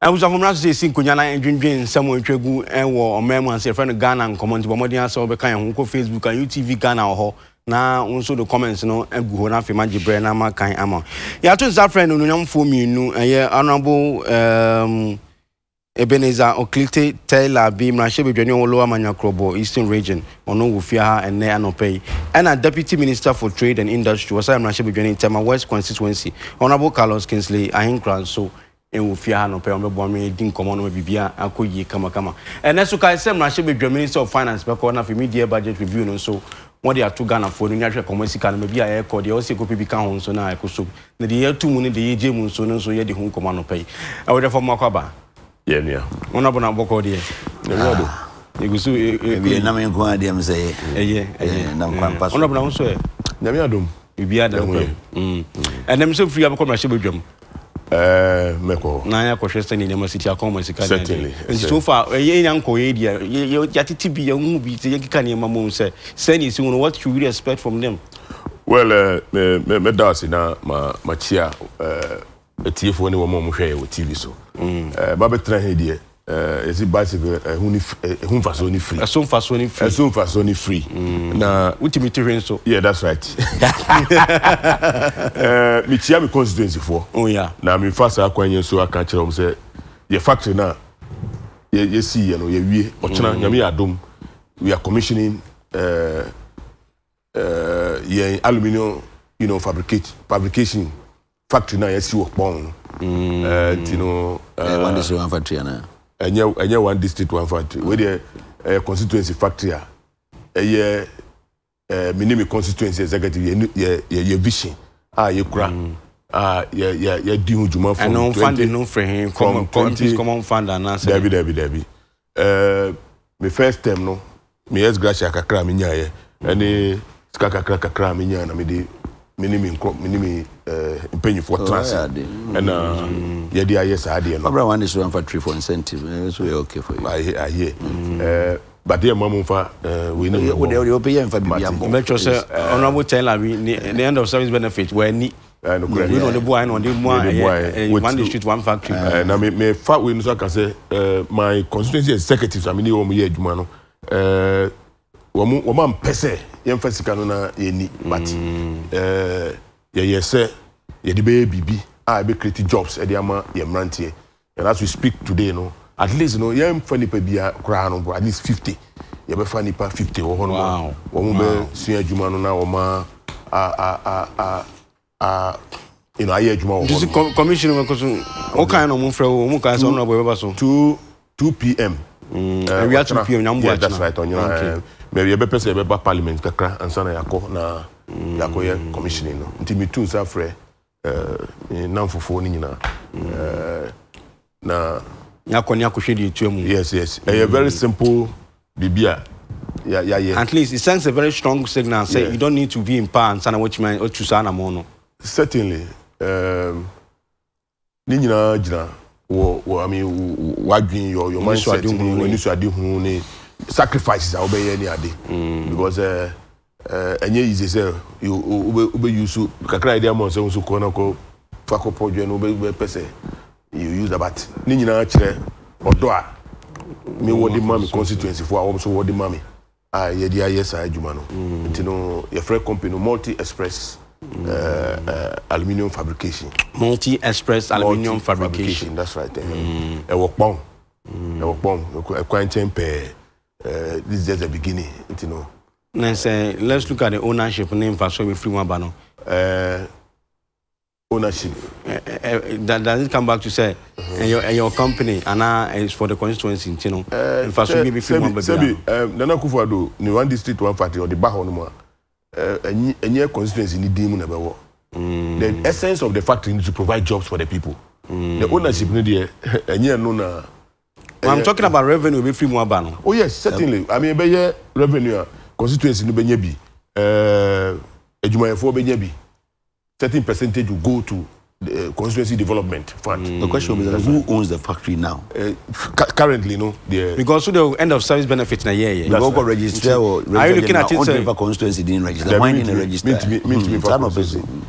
abusafo mmara sɛ si nkonnwa na ndwendwen nsɛm ɔtwa gu eh, wɔ ɔman mu ase yɛfrɛ no ghana nkɔmmɔ nti bɔmmɔden asɛ wobɛka yɛn ho wokɔ facebook a utv ghana wɔ hɔ na wo nso de comments no agu hɔ na afei magye berɛ na ama kan ama yɛato nsa frɛ no nonyamfoɔ mmienu ɛyɛ honorable um, ebenezer oklite taylor bi mmarahyɛ badwani ɔwɔ lower manyakorɔbɔ eastern region ɔno wɔ fie ha ɛnnɛ anɔpɛ yi ɛna deputy minister for trade and industry wɔsɛ mmarahyɛ badwani ntɛma west constituency honorable carlos kinsley ahenkra nso ɛwɔ fie ha nɔpɛ ɔmɛboa me di nkɔmmɔ no biribia akɔ yie kamakama ɛnɛ so kae sɛ mmarahyɛ badwamani sɛ finance bɛkɔ na afei media budget review no nso wɔde ato ghanafoɔ no nyahwɛ kɔmmɔ sika no baabi a yɛkɔ deɛ ɔsɛ kɔpɛ bi ka ho nso na ɛkɔ so na deɛ yɛato mu no deɛ yɛgye mu nso no nso yɛde ho nkɔmmɔ anɔpɛ yi ɛwɔdɛfɔ mmakɔ aba yɛnua wɔn abɔ n'abɔkɔ deɛ ɛwɔdo ah. ɛgu so e, e, e, ɛyɛ nam nko adeɛ m sɛ ɛyɛ ɛyɛ nam kwampa so wɔn abɔ n'ahosuo yɛ nyame adom biribiara da ho yɛ ɛnam sɛ mfiri abɛkɔ mmarahyɛ badwam ɛɛ eh, n'an y'a kɔhwɛ sani nɛɛma si ti a kɔn ma sika nɛɛma certainly nti so far eh, ye yan kɔ ye diɛ yatiti bi yan ŋun bi yan kika nɛɛma mun sɛ sani si ŋun what should we expect from them. well ɛɛ mɛ mɛ da ase na ma ma tia ɛɛ eh, etiefoɔ ni wɔn a wɔn hwɛ yɛ tv so. ɛɛ mm. ba bɛ tẹnɛ hɛ diɛ yɛsi bicycle ɛho ni ɛho eh, eh, nfaso ni free. ɛso nfaso ni free. ɛso eh, nfaso ni free. Mm. na wotumi ti hwɛ nso. yeah that's right. mi kyia mi constituency foɔ. Oh, na mi fa saa kwan yɛn so aka kyerɛ wɔn sɛ yɛ factory na yɛ yɛsi yɛ no yɛ wie ɔkyena mm. nyame yɛ adum. we are commissioning uh, uh, yɛn aluminium you know, fabricate fabrication factory na yɛsi wɔ kpɔn no. Mm. nti no. ɛɛ wọn de se factory yɛn na ɛnyɛ ɛnyɛ one district one factory wey deɛ ɛyɛ constituency factory a ɛyɛ ɛɛ minimi constituency executive yɛ yɛ yɛ yɛ vision a ah, yɛ kura mm. a ah, yɛ yɛ yɛ di ho juma from twenty ɛnum fandi nu firi hin common common fund anase. dabi dabi dabi ɛɛ mi first term no mi ex gratia kakra mi nya yɛ ɛni sika kakra kakra mi nya na mi de menimi nkɔ menimi ɛɛ eh, mpanyinfoɔ transi oh, ɛna yɛde ayɛ saa adeɛ no. abirawa ni sɔrɔ nfa three for incentive ɛɛ eh, so yɛ okay for you. ayi ayi ɛɛ bàtí ẹ̀ mọ́ mu nfa ɛɛ wei ne mu bɔ. o de o de o pe yɛ nfa bibi abɔ. mɛ tɔ sɛ honourable taylor bi ni the end of service benefit wɛ ni. ɛɛ nukurɛ ni ɔde bu ayi na ɔde mu ayɛ ɛɛ one district one factory. ɛɛ eh, na mɛ mɛ fa wei nisɔn kan sɛ ɛɛ my constituency executives ami ni wɔn mu yɛ adwuma no ɛɛ wɔn wɔn ampɛ sɛ yɛmfa sika no na yɛni but ɛɛ yɛyɛ sɛ yɛde bɛyɛ biribi a yɛbɛ create jobs ɛde ama yɛn mmeranteɛ and as we speak today no at least no yɛmfa nipa bia koraa no at least fifty yɛbɛfa nipa fifty wɔ hɔ no wɔn bɛ sua adwuma no na wɔn a a a a a you know ayɛ adwuma wɔ hɔ no. commissioner wɔ koso o kan na ɔmo fɛ o ɔmo kan sɛ ɔmo na bɔ ɛbɛ so. two two pm. ɛwia mm, two pm nyamu bɔ akyina yeah that's right ɔnyina ɛɛ baabi yɛbɛpɛ sɛ yɛbɛba parliament kakra ansa na yɛakɔ na commissioning no nti metu nsa frɛ namfofoɔ no nyinaa na nyakɔ ni akɔhwɛ deɛ ɛtua mu yes yes ɛyɛ very simple biribi a yeah, yeah, yeah. At least it sends a very strong signal. Say yeah. you don't need to be in power and sana what you mean or choose an amono. Certainly. Um ni nyinaa gyina wɔ wɔ i mean wadwin your your mindset ni wɔ nisɔ adi hun ni sacrifices a wobɛyɛ ne ade mm. because eh, eh, ɛnyɛ easy sɛ wobɛyu so kakra ɛde ama sɛ nso kɔ na kɔ fa kɔpɔ dwɛ no wobɛpɛ sɛ you use abat ne nyinaa kyerɛ ɔdɔ a me mm. wɔde ma me constituency foɔ a wɔm so wɔde ma me a yɛde ayɛ saa adwuma no mm. nti no yɛfrɛ company multi express Mm. Uh, uh, aluminium fabrication. multi express aluminium multi fabrication. that's right. ɛwɔ kpɔn ɛwɔ kpɔn ɛkwan kyɛn pɛɛ uh, this is just the beginning you know. na say let's look at the ownership Name, nfaso bɛ free mu aba Uh, eh, ownership. Uh, uh, that does it come back to say mm-hmm. uh, your, uh, your company and now it's for the constituency you know? nfaso bi bi firi mu aba bi na. sɛbi nana kufu ado ni one district one party ɔde ba hɔ no mu a ɛnyɛ ɛnyɛ constituency ni din mu na bɛ mm. the essence of the factory is to provide jobs for the people. Mm. the ownership ni deɛ ɛnyɛ no na i'm talking about revenue ebi free mu ban. oh yes certainly um, i mean bɛyɛ revenue uh, constituency no bɛnya bi adwumayɛfoɔ uh, bɛnya bi certain percentage will go to the uh, constituency development fund. Mm. The question is who owns the factory now? Uh, currently, no. The, because so the end of service benefits, na yeah yeah. You go register or mm-hmm. register. Are you looking at it? All the constituency didn't register. Mine didn't register. Meet me, meet me. Mm-hmm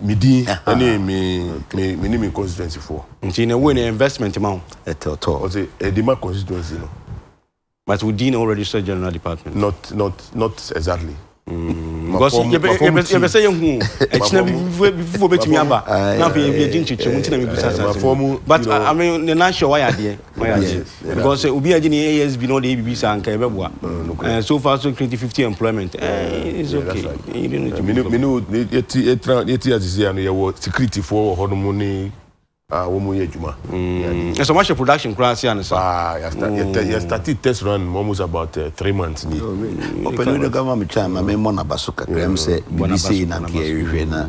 mi din ɛne mi mi mi ni mi constituency foɔ. nti na wo ni investment ma o. ɛtɛ ɔtɔ. ɔsɛ ɛdi ma constituency no. but o din na o register general department. not not not exactly yɛbɛsɛ yɛhu akyina bifufuo bɛtumi aba na afei yɛgye nkyekyɛmu nti na mebusa sase but ne nahyɛ wayɛ adeɛ wayɛ because obi agye ne asb na ɔde yɛbibi saa nka yɛbɛboa so far so creative 50 employment yɛti asisi a no yɛwɔ securityfoɔ wɔ hɔ no mu ne uh, wɔn mu yɛ adwuma. ɛsɛ wɔn ahyɛ production kura ase ani sa. yɛ start test run almost about uh, three months ni. ɔpɛni de gama mi kyan ma mi mɔ naba so kakra mi sɛ bibi se na kɛ ɛhwehwɛ na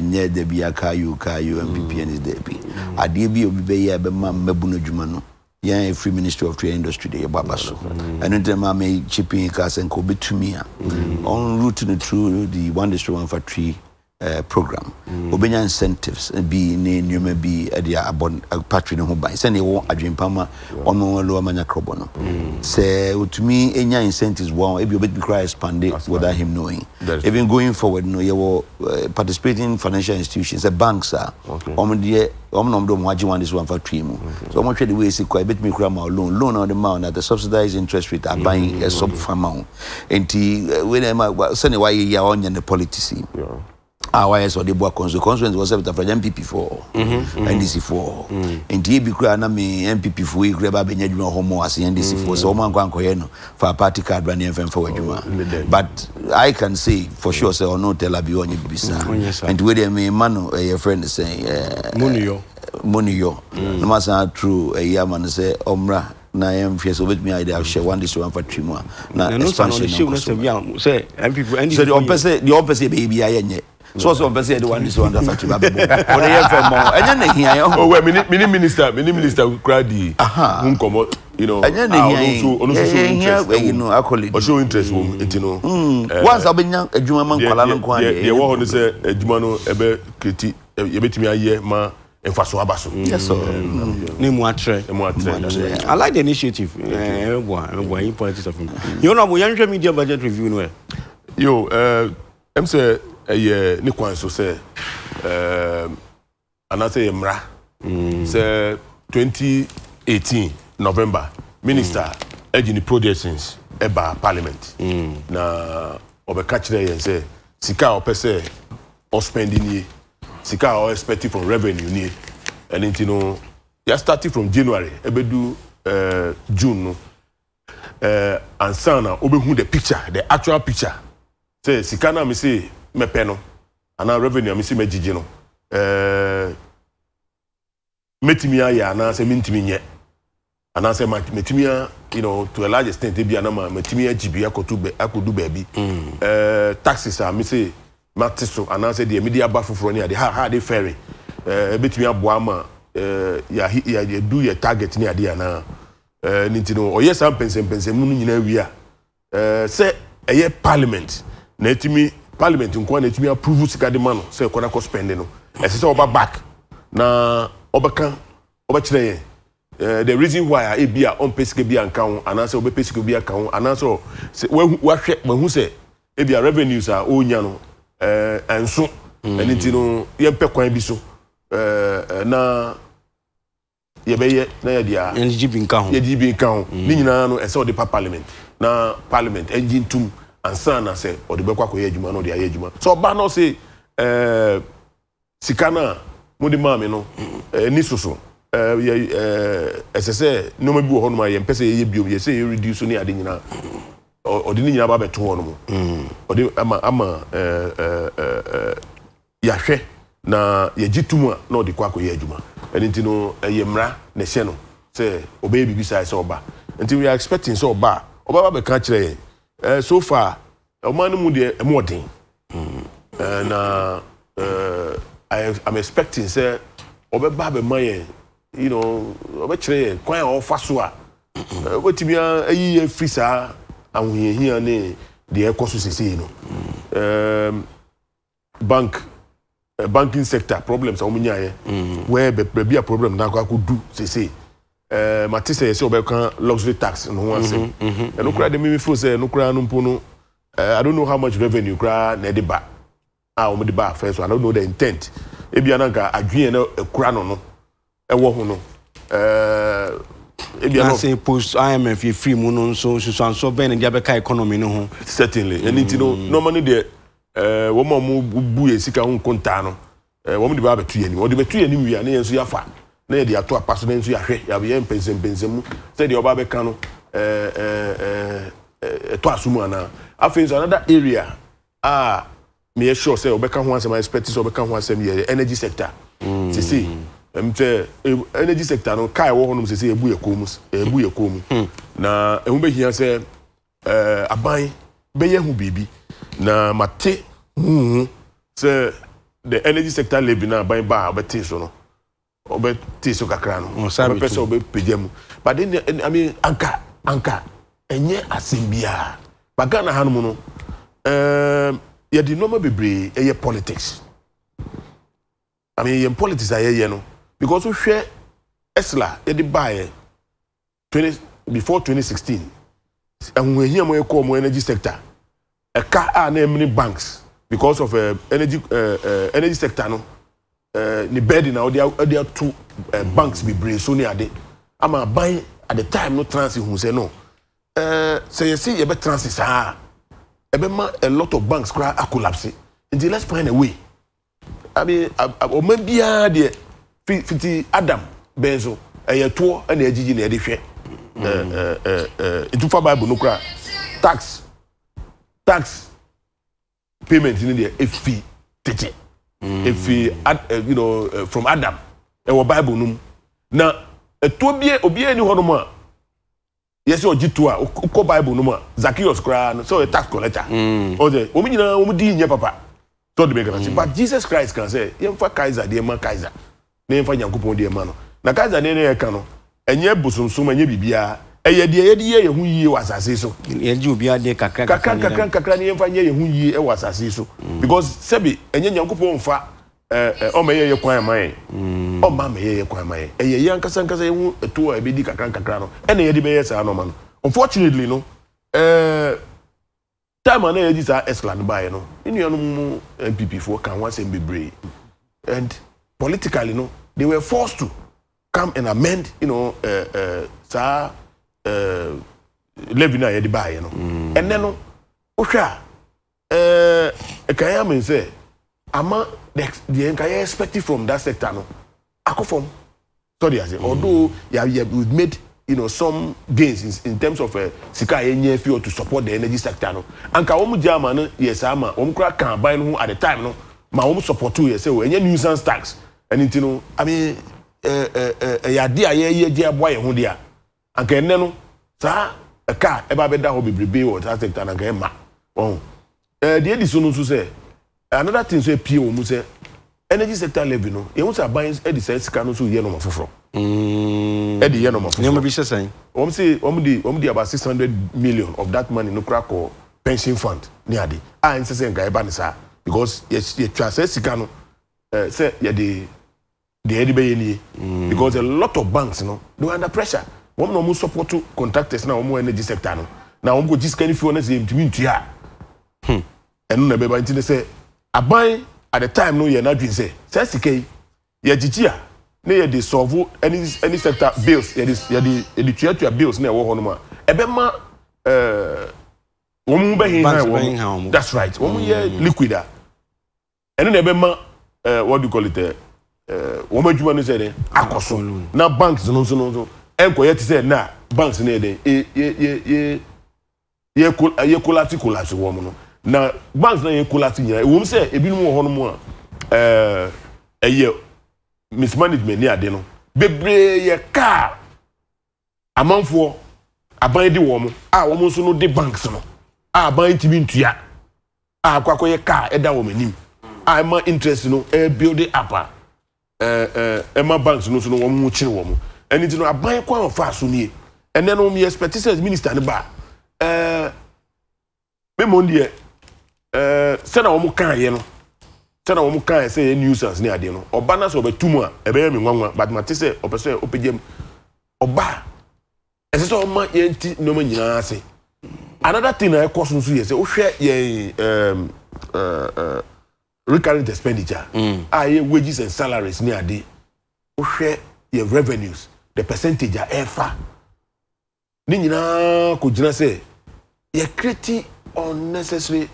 nyɛ dɛbi akayo kayo npp ɛni dɛbi adeɛ bi obi bɛyɛ a bɛma mɛbu no adwuma no yɛn free ministry of trade industry de yɛbɔ aba so ɛno ntɛ maa mi chipping kaa sɛ nka obɛtumi a mm. On route no through the one district one factory. Eh, program mm. obenya incentives eh, bi ne nneɛma bi eh, de abɔ patri ne ho ban sɛnea ɛwɔ adwempa ma ɔno lowa ma nyakrɔbɔ no mm. sɛ ɔtumi nya incentives wɔ ebi obɛtumi koraa expande That's without him knowing even going forward no yɛwɔ uh, participating financial institutions sɛ banks a ɔmo deɛ ɔmo na ɔmo de ɔmo agye one de so wɔmfa twi mu so ɔmo hwɛ de wei si kɔ ebɛtumi koraa ma loan loan a ɔde ma na the subsidized interest rate aban ɛsɔ mm. fama ho nti wei na ɛma sɛnea wayɛ yi a ɔnyɛ ne politics yi a wayɛ sɛ ɔde boa conso constituency wɔ sɛ bitafragya mpp foɔ ndc foɔ nti ebi kura na me mpp foɔ yi kura ba bɛnya adwuma hɔ mɔ ase ndc foɔ sɛ ɔmo ankɔ ankɔyɛ no fa party card ba ne yɛmfɛmfa wɔ adwuma but i can say for sure sɛ ɔno tɛla bi ɔnyɛ biribi saa nti oh, wei deɛ mema no ɛyɛ mm-hmm. eh, frɛ eh, eh, mm. no sɛ monuyɔ na masan aturo ayi ama no sɛ ɔmmra na yɛn fiɛ sɛ obetumi ayɛ de ahyɛ one district one factory mu a na expansion na nkɔ so sɛ deɛ ɔmpɛ sɛ deɛ ɔmpɛ sɛ yɛbɛyɛ bi ayɛ nyɛ so so ɔmpɛ sɛ yɛde wa nisɛ wanda factory ba bɛbɔ ɔde yɛ fɛ mɔ ɛnyɛ ne hia yɛ hɔ. owó ɛmi ni minister eh, mi minister kura di n kɔmɔ ɛnyɛ ne hia yɛ yɛ interest, ɛyi no akɔle di ɔsɛ o interest wo eti no. wansi aw bɛ nya adwuma ma nkwala no kwan yɛ. yɛ wɔ hɔ ni sɛ adwuma no ɛbɛ kiriti yɛbɛtumi ayɛ ma nfaso aba so. ne mu atrɛ mu atrɛ i like the initiative ɛɛ ɛbua ɛbua yin politics of him yɛn na mo yɛn hwɛ media budget review no yɛ. Eh? yo ɛɛ ɛm sɛ ɛyɛ ne kwan so sɛ ɛɛ anaasɛ yɛ mmara mm. sɛ twenty november minister mm. ɛgye ne productions ɛba parliament mm. na ɔbɛka kyerɛ yɛn sɛ sika a ɔpɛ sɛ ɔspɛndi nie sika a ɔexpecting from revenue nie ɛne nti no yɛ starting from january ɛbɛdu ɛɛ june no ɛɛ ansan na ɔbɛhu the picture the actual picture sɛ sika naa mi sɛ mɛpɛ no anaa revenue a mesi mɛgyigye no ɛɛ eh, mɛtumi ayɛ anaasɛ mɛntumi nyɛ anaasɛ mɛtumi a you know to a large extent ebi anam a mɛtumi agyi bi akɔtu bɛ akɔdu baabi ɛɛ mm. eh, taxes a mesi mate so anaasɛ deɛ mɛde aba foforɔ ne ade ha ha de fɛre eh, ɛɛ ebɛtumi aboa ama ɛɛ yɛ yɛ du yɛ target ne ade anaa ɛɛ ne ti no ɔyɛ saa mpɛnsɛmpɛnsɛmu no nyinaa wia ɛɛ sɛ ɛyɛ parliament na etumi parliament nko na etumi approve sika de ma no sɛ ɛkɔ na kɔ spend no ɛsɛ sɛ ɔba back na ɔbɛka ɔbɛkyerɛ yɛn Uh, the reason why a ebi a ɔmpɛ sika bi anka ho anaasɛ ɔbɛpɛ sika bi aka ho anaasɛ ɔsɛ wahwɛ wahu sɛ ebi a revenues a ɔnya no ɛɛ ɛnso mm. ɛni ti no yɛmpɛ kwan bi so ɛɛ na yɛbɛyɛ na yɛ deɛ yɛde gyi bi nka ho yɛde gyi bi nka ho mm. ne nyinaa no ɛsɛ ɔde pa parliament na parliament ɛngye ntum. ansa na sɛ ɔde bɛkɔ akɔyɛ adwuma na ɔde ayɛ adwuma sɛ ɔba na ɔse ɛɛ sika no eh, mode maa no ɛni eh, soso ɛɛ ɛsɛ sɛ nneɛma bi wɔ hɔ nom a sɛ yɛyɛ biom yɛsɛ yɛ ne ade nyinaa ɔde ne nyinaa ba hɔ nom ɔde ama ama ɛɛ eh, ɛɛ na yɛgye tum a na ɔde kɔ akɔyɛ adwuma no ɛyɛ na ɛhyɛ no sɛ Eh, so far ɔman no mu deɛ eh, na ɔden eh, I i'm expecting sɛ ɔbɛba baba yɛn you know chere yɛn kwan a ɔfa so a wobɛtumi ayi yɛ firi saa ne deɛ ɛkɔ so no ehm, bank banking sector problems a where mm. a problem na akɔ akɔdu ɛɛ eh, mate sɛ yɛsɛ ɔbɛka luxury tax mhm, mhm, eh, no ho asɛm ɛno koraa de mimi fo sɛ ɛno koraa no mpo no eh, i don't know how much revenue koraa na ɛde ba a wɔn de ba afɛ so i don't know the intent ebi anan ka adwene na ɛkura no no ɛwɔ ho no ɛɛ ebi anan. n'asɛ post imf yɛ firi mu no nso nsusuansɔ bɛn ne de abɛka economy no ho. certainly ɛni ti no normally deɛ ɛɛ wɔn a wɔn bu yɛ sika ho nkontaa no ɛɛ wɔn de ba abɛtu yɛ ni wɔn de bɛtu yɛ ni wia ne yɛn nso yɛ afa ne yɛde ato apa so no nso yɛahwɛ yɛabɛyɛ mpɛnsɛmpɛnsɛm mu sɛdeɛ ɔba bɛka no ɛtɔ aso mu anaa afei nso another area a meyɛ sure sɛ ɔbɛka ho asɛm expect sɛ ɔbɛka ho asɛm yɛ energy sector mm. sisi sɛ energy sector no kaa ɛwɔ hɔnom sese ɛbu yɛ kɔn mu ɛbu yɛ kɔn mu hmm. na ɛho bɛhia sɛ aban bɛyɛ ho biribi na mate huhu sɛ the energy sector levy na aban ba a ɔbɛte so no ɔbɛ ti so kakra no ɔbɛpɛ sɛ ɔbɛpagya mu but then eh, i mean anka anka ɛnyɛ asɛm biara but ghana ha nom no eh, yɛde nneɛma bebree eh, ɛyɛ politics i mean yɛn politics a yɛyɛ no because wohwɛ ɛsla yɛde baayɛ twenty before twenty sixteen ɛhuhɛhia mu ɛkɔɔ mu energy sector ɛka a na ɛmini banks because of uh, energy uh, uh, energy sector no. Eh, ne bɛɛdi na ɔde ɔde ato ɛɛ banks bebree so ne ade ama aban at the time no transit hun eh, sɛ no ɛɛ sɛ yɛsi yɛbɛ transit saa ɛbɛ ma a lot of banks kora akolapse nti let's find a way abi ɔma biara deɛ fiti adam bɛn so ɛyɛ toɔ ɛna ɛgyigyi na ɛde hwɛ ɛɛ ɛɛ ɛɛ ntufa bible no kora tax tax payment ni deɛ efi tete. Mm. Efi ɛfiri uh, uh, from adam ɛwɔ bible no na ɛtuo bie obiara ni hɔ a yɛsɛ ɔgye to a wokɔ bible no a zaccheus koraa no sɛ ɔyɛ tax collector mm. ɔsɛ wɔm nyinaa wɔm di nyɛ papa sɛ ɔde bɛkata sɛ mm. but jesus christ ka sɛ yɛmfa Kaiza deɛ ma kaiser na yɛmfa nyankopɔn deɛ ma no na Kaiza deɛ no yɛka no ɛnyɛ bosomsom ɛnyɛ biribiaa ɛyɛ deɛ yɛde yɛ yɛho yie wɔ asase so yɛgye obi adeɛ kakra kakra kakra kakra ne yɛmfa nyɛ yɛho yie wɔ asase so mm. because sɛbi ɛnyɛ nyankopɔn mfa ɔma yɛ yɛ kwan ma yɛ mm. ɔma ma yɛ yɛ kwan ma yɛ ɛyɛ yɛ ankasa ankasa yɛ ho ɛto a ɛbɛdi kakra kakra no ɛna yɛde bɛyɛ saa nɔma no unfortunately no ɛɛ time a na yɛgye saa esland baeɛ no nnuanom mu npp foɔ ka ho asɛm bebree and politically no they were forced to come and amend you know, uh, uh, saa Eh, levy no a yɛde baayɛ no ɛnɛ no wohwɛ a eh, ɛkaeɛ amen sɛ ama deɛ nkayɛ expected from that sector no akɔ fam sɔde ase mm. although yɛ we made you know some gains in, in terms of eh, sika yɛ nyɛ fi to support the energy sector no anka wɔn gya ama no yɛ saa ama wɔn kura kan ban no ho at the time no ma wɔn support yɛ sɛ o ɛnyɛ nuisance tax ɛni ti no i mean ɛɛ ɛɛ ɛyɛ ade a yɛyɛ gye aboa yɛn ho deɛ anka ɛnɛ no saa ɛka ɛba bɛda hɔ bebrebe wɔ saa sector no anka ɛma ɔn ɛɛ di so no nso sɛ another thing nso apie wɔn mu sɛ energy sector levy no yɛn sɛ aban ɛde saa sika no nso yɛ nɔɔma foforɔ. Mm. ɛde yɛ nɔɔma foforɔ nneɛma bi hyɛ wɔn sɛ wɔn de wɔn de about six hundred million of that money no kura kɔ pension fund ne ade a n sɛ nka ɛba ne saa because yɛtwa sɛ sika no ɛɛ sɛ yɛde deɛ yɛde bɛyɛ nie. Mm. because a lot of banks no they were under pressure wɔn na wɔn support contractors na wɔn energy sector no na wɔn kɔ gyi sika ne fi wɔn na sɛ ntumi ntua ɛno na bɛba nti ne aban at the time no yɛ n'adwin sɛ sɛ sika yi yɛ gyigyi a ne yɛ de sɔɔvo ɛni ɛni sector bills yɛ de yɛ de yɛ de tuatua bills na ɛwɔ hɔ nom a ɛbɛma ɛɛ wɔn mu bɛ hinhan wɔn that's right wɔn mu yɛ liquid a ɛno na ɛbɛma ɛɛ what do you call it ɛɛ wɔn adwuma no sɛ dɛ akɔ so na banks no nso ɛnkɔyɛ te sɛ na banks no yɛ den yɛ yɛ yɛ yɛ kolati kolati wɔn no na banks na yɛ kolati nyinaa ewom sɛ ebinom wɔ hɔnom a ɛɛ ɛyɛ mismanagement ne ade no bebree yɛ kaa amanfoɔ aban di wɔn a wɔn nso no de banks no a aban ti bi ntua a akɔ akɔyɛ kaa ɛda wɔn anim a ɛma interest no ɛɛ build up a ɛɛ ɛɛ ɛma banks no nso no wɔn ho kyerɛ wɔn ɛni ti no aban kwan fa so nie ɛnɛ no mi expect sɛ minister ne ba ɛɛ mímu deɛ ɛɛ sɛnɛ wɔn kan yɛ no sɛnɛ wɔn kan yɛ sɛ nuisance ne adeɛ no ɔba na sɛ ɔbɛ tu mu a ɛbɛyɛ mi nwanwa but ma ti sɛ ɔpɛ sɛ ɔpɛgya mu ɔba ɛsɛ sɛ ɔma yɛn ti nneɛma nyinaa ase another thing na ɛkɔ so nso yɛ sɛ wohwɛ yɛn ɛɛm ɛɛ recurrent expenditure a mm. yɛ wages and salaries ne ade wohwɛ yɛ revenues the percentage a ɛɛfa ne nyinaa kò gyina sɛ yɛ create unnecessary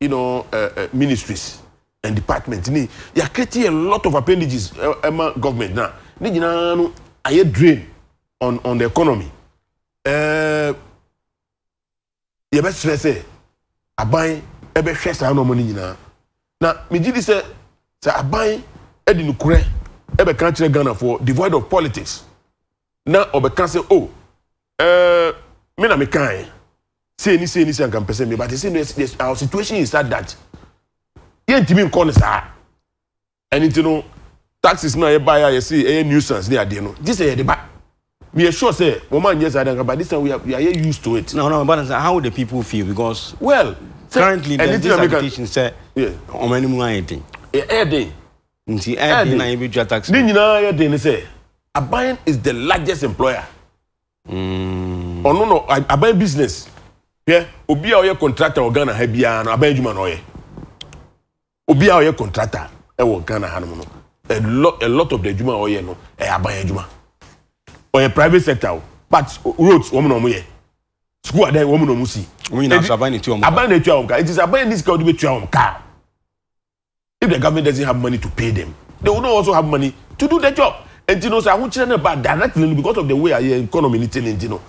you know, uh, uh, ministries and departments ni yɛ create a lot of appendages ɛma uh, government na ne nyinaa no ayɛ drain on on the economy ɛɛ yɛ bɛ srɛ sɛ aban ɛbɛhwɛ saa nɔɔma ne nyinaa na megye di sɛ sɛ aban ɛde nukurɛ ɛbɛka kyerɛ for devoid of politics na ɔbɛka sɛ o oh, ɛɛ eh, me na meka yɛ sei ni sei ni sei nkan pɛsɛ mi but say there's our situation is that that yɛn ntumi nkɔ ne saa ɛni ti no taxes na yɛ ba yɛ a ɛyɛ nuisance ne adeɛ no this yɛ de ba we are sure say wɔn ma n yɛ saa dankan but this time we are we used to it. no no but how the people feel because. well currently the disabilitation sɛ ɔmɔ ɛni mu ayɛ den. ɛyɛ den. nti ɛyɛ den na yɛ bi dwa taxes. ne nyinaa yɛ den ni sɛ aban is the largest employer. ɔno no aban business hwɛ obi a ɔyɛ contractor wɔ ghana ha biara no aban adwuma na ɔyɛ obi a ɔyɛ contractor ɛwɔ ghana ha no a lot a lot of the juma a ɔyɛ no ɛyɛ juma. adwuma ɔyɛ private sector but roads wɔn na wɔn yɛ sukuu adan wɔn na wɔn si. wɔn nyinaa sɔ aban na etua wɔn kaa aban na etua wɔn kaa it is aban ni sika wɔde bɛ tua wɔn kaa if the government doesn't have money to pay them they will not also have money to do the job nti no sɛ ahokyerɛ no ba directly no because of the way a eh, economy no te ne nti no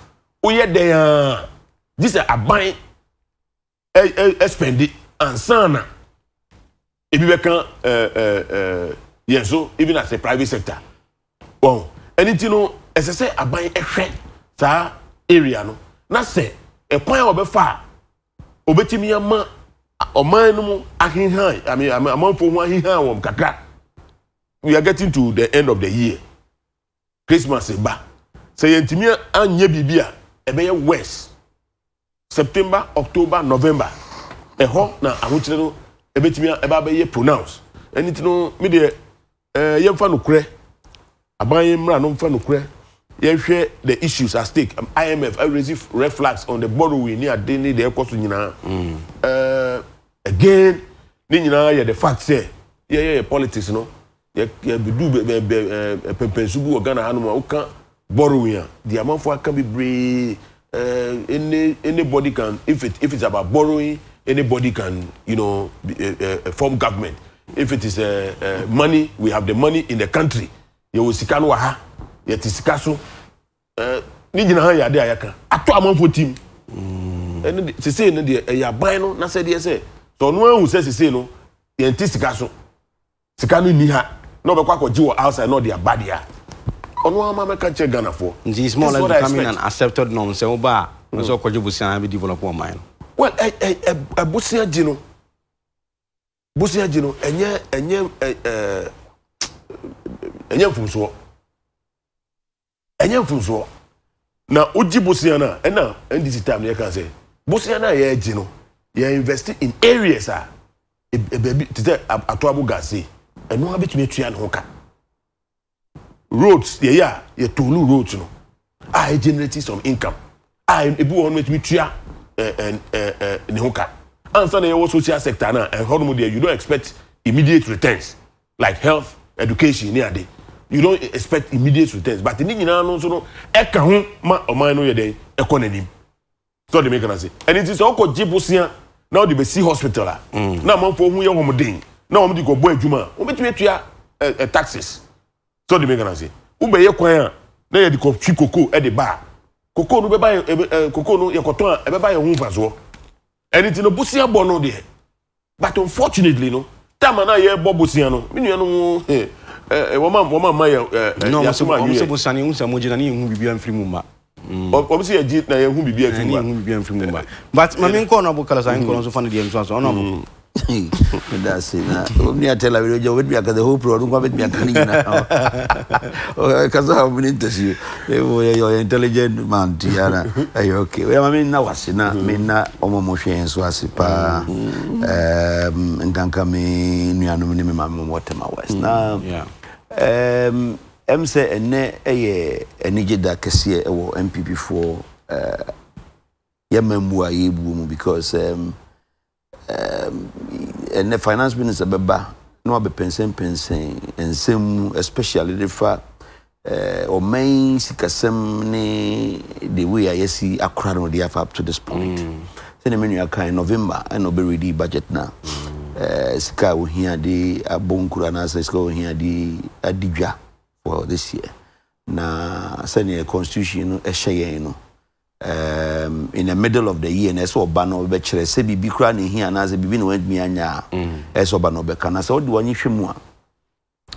woyɛ dɛn aa gye sɛ aban ɛspɛndi eh, eh, ansana ebi bɛka yɛn so even as a private sector wɔn ɛni ti no ɛsɛ sɛ aban ɛhwɛ saa area no na sɛ ɛkwan a wɔbɛfa a wɔbɛtumi ama ɔman no mu ahinhan amanfo ho ahinhan wɔn kakra we are getting to the end of the year christmas ba sɛ yɛntumi anyɛ biribi a ɛbɛyɛ west september october november ɛhɔ na ahokyerɛ no ɛbɛtumi ɛba bɛyɛ pronounce ɛni ti no mi deɛ ɛɛ eh, yɛmfa nokorɛ aban yɛn mmira no mfa nokorɛ yɛhwɛ the issues at stake imf um, i receive red flags on the borrowing ni ade ni deɛ ɛkɔ so nyinaa ɛɛ mm. eh, again ne nyinaa yɛ the fact sɛ yɛyɛ yɛ politics no yɛbɛduu pɛmpɛnsu bi wɔ ghana hanom a woka borrowing a deɛ amanfoɔ aka bebree any anybody can if it if it's about borrowing anybody can you know uh, uh, form government if it is uh, money we have the money in the country yɛwɔ sika no wɔ ha yɛte sika so ne nyinaa ha yɛ ade a yɛka ato amanfoɔ tim mm. ɛne de sesei no deɛ ɛyɛ aban no na sɛdeɛ sɛ sɛ ɔno ahu sɛ sesei no yɛnte sika so sika no nni ha na ɔbɛkɔ akɔgye wɔ outside na ɔde aba deɛ ɔno ama mɛka kyerɛ ghanafoɔ nti it's more like becoming an accepted norm sɛ woba a ɛsɛ ɔkɔgye bosea bɛ develop ɔman no well ɛbosea e, e, e, gye no bosea gye no ɛnyɛ ɛnyɛ ɛnyɛ mfumsoɔ ɛnyɛ mfumsoɔ na wogye bosea no a ɛna ndc time no yɛka sɛ bosea no a yɛagye no yɛ invest in areas a baabi te sɛ atoabo gasee ɛno ara bɛtumi atua ne ho ka roads yɛyɛ a yɛtɔn no roads no a yɛ generate some income a ebi wɔ hɔ no bɛtumi tua ɛɛ ɛɛ ne ho ka ansa na yɛwɔ social sector na ɛhɔ nom deɛ you don't expect immediate returns like health education ne ade you don't expect immediate returns but ne nyinaa no nso no ɛka ho ma ɔman no yɛ dɛ ɛkɔ n'anim sọ de mi kana se ɛni ti sɛ ɔkɔ gye bosia na ɔde bɛ si hospital a mm. na amanfoɔ ho yɛ wɔn den na wɔn de kɔ bɔ adwuma wɔn bɛtumi atua ɛ ɛ taxes sɛ de mi gana se wɔn bɛyɛ kwan a na yɛ de kɔ twi koko ɛde ba koko no bɛba yɛ ɛbɛ koko no yɛ kɔtɔn a ɛbɛba yɛ ho nfasoɔ ɛni ti no bosia bɔ no deɛ but unfortunately no taama na yɛ bɔ bosia no mi nua no ɛ ɛ wɔn ma wɔn ma ma yɛ ɛ ɛ yasoma yɛ ɔmo sɛ bosia ni ehun sɛ mo gyina ni ehun bibi anfiri mu ma ɔmu si yɛ ji na yɛ hu bibi afiri mu ba. but maame nkɔ ɔnabɔ kalasa nkɔ ɔnso fa ne deɛ nso aso ɔnabɔ dasi na wobni atela wele gya wobɛtumi aka the whole program nkwa bɛtumi aka ne nyinaa kasa wobne ntasuo ɛyɛ ɔyɛ intelligent man ti ana ɛyɛ ok ɛma menna wase na menna ɔma mohwɛ yɛn so ase paa nkanka me um, nuanom ne me ma me wɔtema wes na ɛm sɛ ɛnɛ ɛyɛ anigye da kɛseɛ ɛwɔ e mpp foɔ eh, yɛma mmu a yɛbuo mu because um, ɛnɛ finance minister bɛba na wabɛpɛnsɛmpɛnsɛn nsɛm mu especially de fa ɔman sikasɛm ne the way a yɛsi akora no de afa up to this point mm. sɛdeɛ me nua kan november ɛna ɔbɛredi budget na mm. sika a wohia de abɔ nkuro anaasɛ sika a wohia de adi dwa for this year na sɛdeɛ constitution no ɛhyɛ yɛn no um, in the middle of the year na ɛsɛ ɔba no ɔbɛkyerɛ sɛ biribi kora ne hi anaasɛ biribi na wantumi anya a mhm. ɛsɛ ɔba no ɔbɛka na sɛ wode wanye hwɛ mu a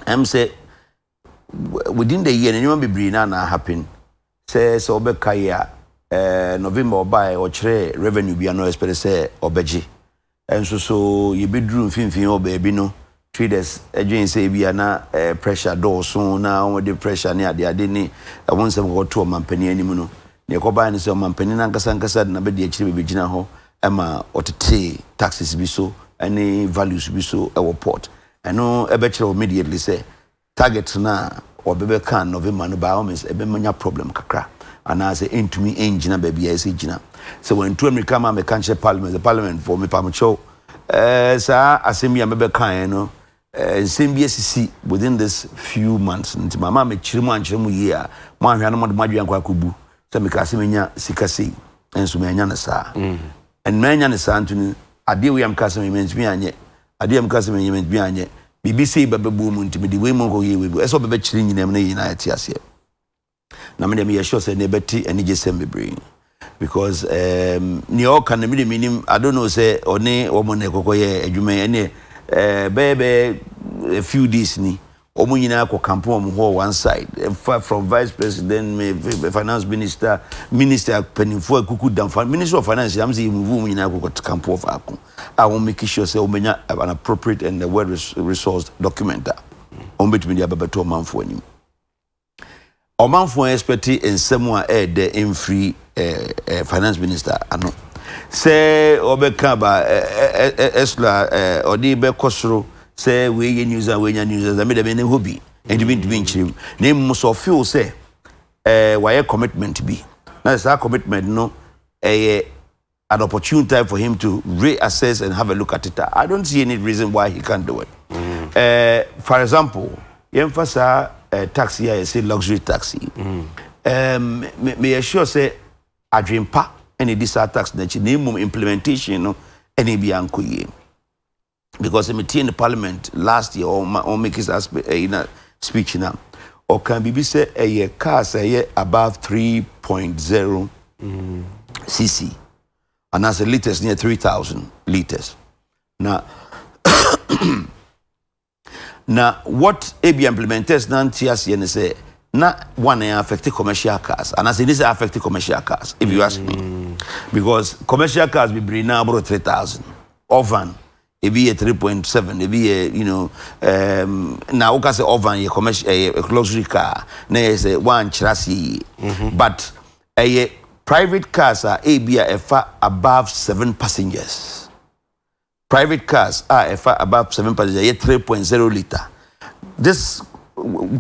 ɛm sɛ within the year no nneɛma bebree no anaa happen sɛ sɛ wobɛka yi a uh, november ɔbaɛ ɔkyerɛ revenue bia a na ɔɛspɛre sɛ ɔbɛgye ɛnso so yɛbɛduru mfimfini wɔ baabi no traders adwene sɛ bia na eh, pressure dɔɔso na wɔde pressure ne adeade ne ɛwo nsɛm kɔkɔto ɔmampani anim no nea ɛkɔbaa ne sɛ ɔmampanin no ankasa ankasa de nabɛde akyire bɛbɛgyina hɔ ɛma ɔtetee taxes bi so ne values bi so ɛwɔ port ɛno ɛbɛkyerɛ immediately sɛ target no a ɔbɛbɛka november no by all means ɛbɛmanya problem kakra anaasɛ ɛntumi ɛngyina baabi a ɛsɛ gyina sɛ wɔantu amerika ma mɛka nkyerɛ parliament sɛ parliament fɔ mepamekyɛw ɛɛ saa asɛm yi a mɛbɛkaeɛ no nsɛm bi asisi within this few months nti mama mekyerɛ mu ankyerɛ mu yie a moahwɛ no mode moadwea nkɔ sɛ meka sɛ menya sika sei nso manya no saa ɛnmanya no saa nto no adeɛ wei amka sɛ mentumi anyɛ adeɛ amka sɛ mentumi anyɛ biribi sei bɛbɛbuo mu nti mede wei mu nkɔyɛ wei bu ɛsɛ wɔbɛbɛkyerɛ nyinam no nyinaa ɛte aseɛ na mede meyɛ sure sɛ ne ɛbɛte anigye sɛm bebree because um, nea ɔka no mede menim adono sɛ ɔne wɔmɔ no ɛkɔkɔ yɛ adwuma ɛneɛ eh, bɛyɛ few days ni wɔn nyinaa kɔ campaign wɔn hɔ one side fa from vice president finance minister minister panyinfo akuku danfa minister of finance yam sɛ yɛmuvu wɔn nyinaa kɔ campaign faako a wɔn make sure sɛ wɔn nya an appropriate and well resourced document a wɔn bɛtumi de abɛbɛtɔ ɔmanfoɔ anim ɔmanfoɔ expect nsɛm a ɛɛdɛ mfiri ɛɛ eh, ɛɛ eh, finance minister ano sɛ ɔbɛka ba ɛɛ eh, ɛɛ ɛsla ɛɛ ɔde bɛkɔ soro sɛ wɔyɛ news a wɔnya news a mede bɛ ne hɔ bi ntumi ntumi nkyerɛ mu na mu sɛ ɔfeel sɛ ɛɛ eh, wɔayɛ commitment bi na saa commitment no ɛyɛ an opportunity time for him to reassess and have a look at it i don't see any reason why he can't do it mm. uh, for example yɛmfa saa uh, taxi a yɛsɛ luxury taxi mm. um, meyɛ sure sɛ adwempa ɛna ɛdi saa tax no akyi na mmom implementation no ɛne bi ankɔ yie because in the parliament last year or in a eh, speech now. Or can be say a car say above 3.0 cc and a liters near 3000 liters Now, now what ebi implementers na nte aseɛ ne say na one affected commercial cars and I say, this affected commercial cars if you ask me mm. because commercial cars be na about 3000 often. ebi yɛ three point seven ebi yɛ you know um, na woka sɛ ovan yɛ commercial ɛyɛ eh, luxury car na yɛ sɛ wankyerɛ aseɛ yie but ɛyɛ eh, private cars eh, a ebi a ɛfa above seven passengers private cars a ɛfa above seven passengers yɛ three point zero litre this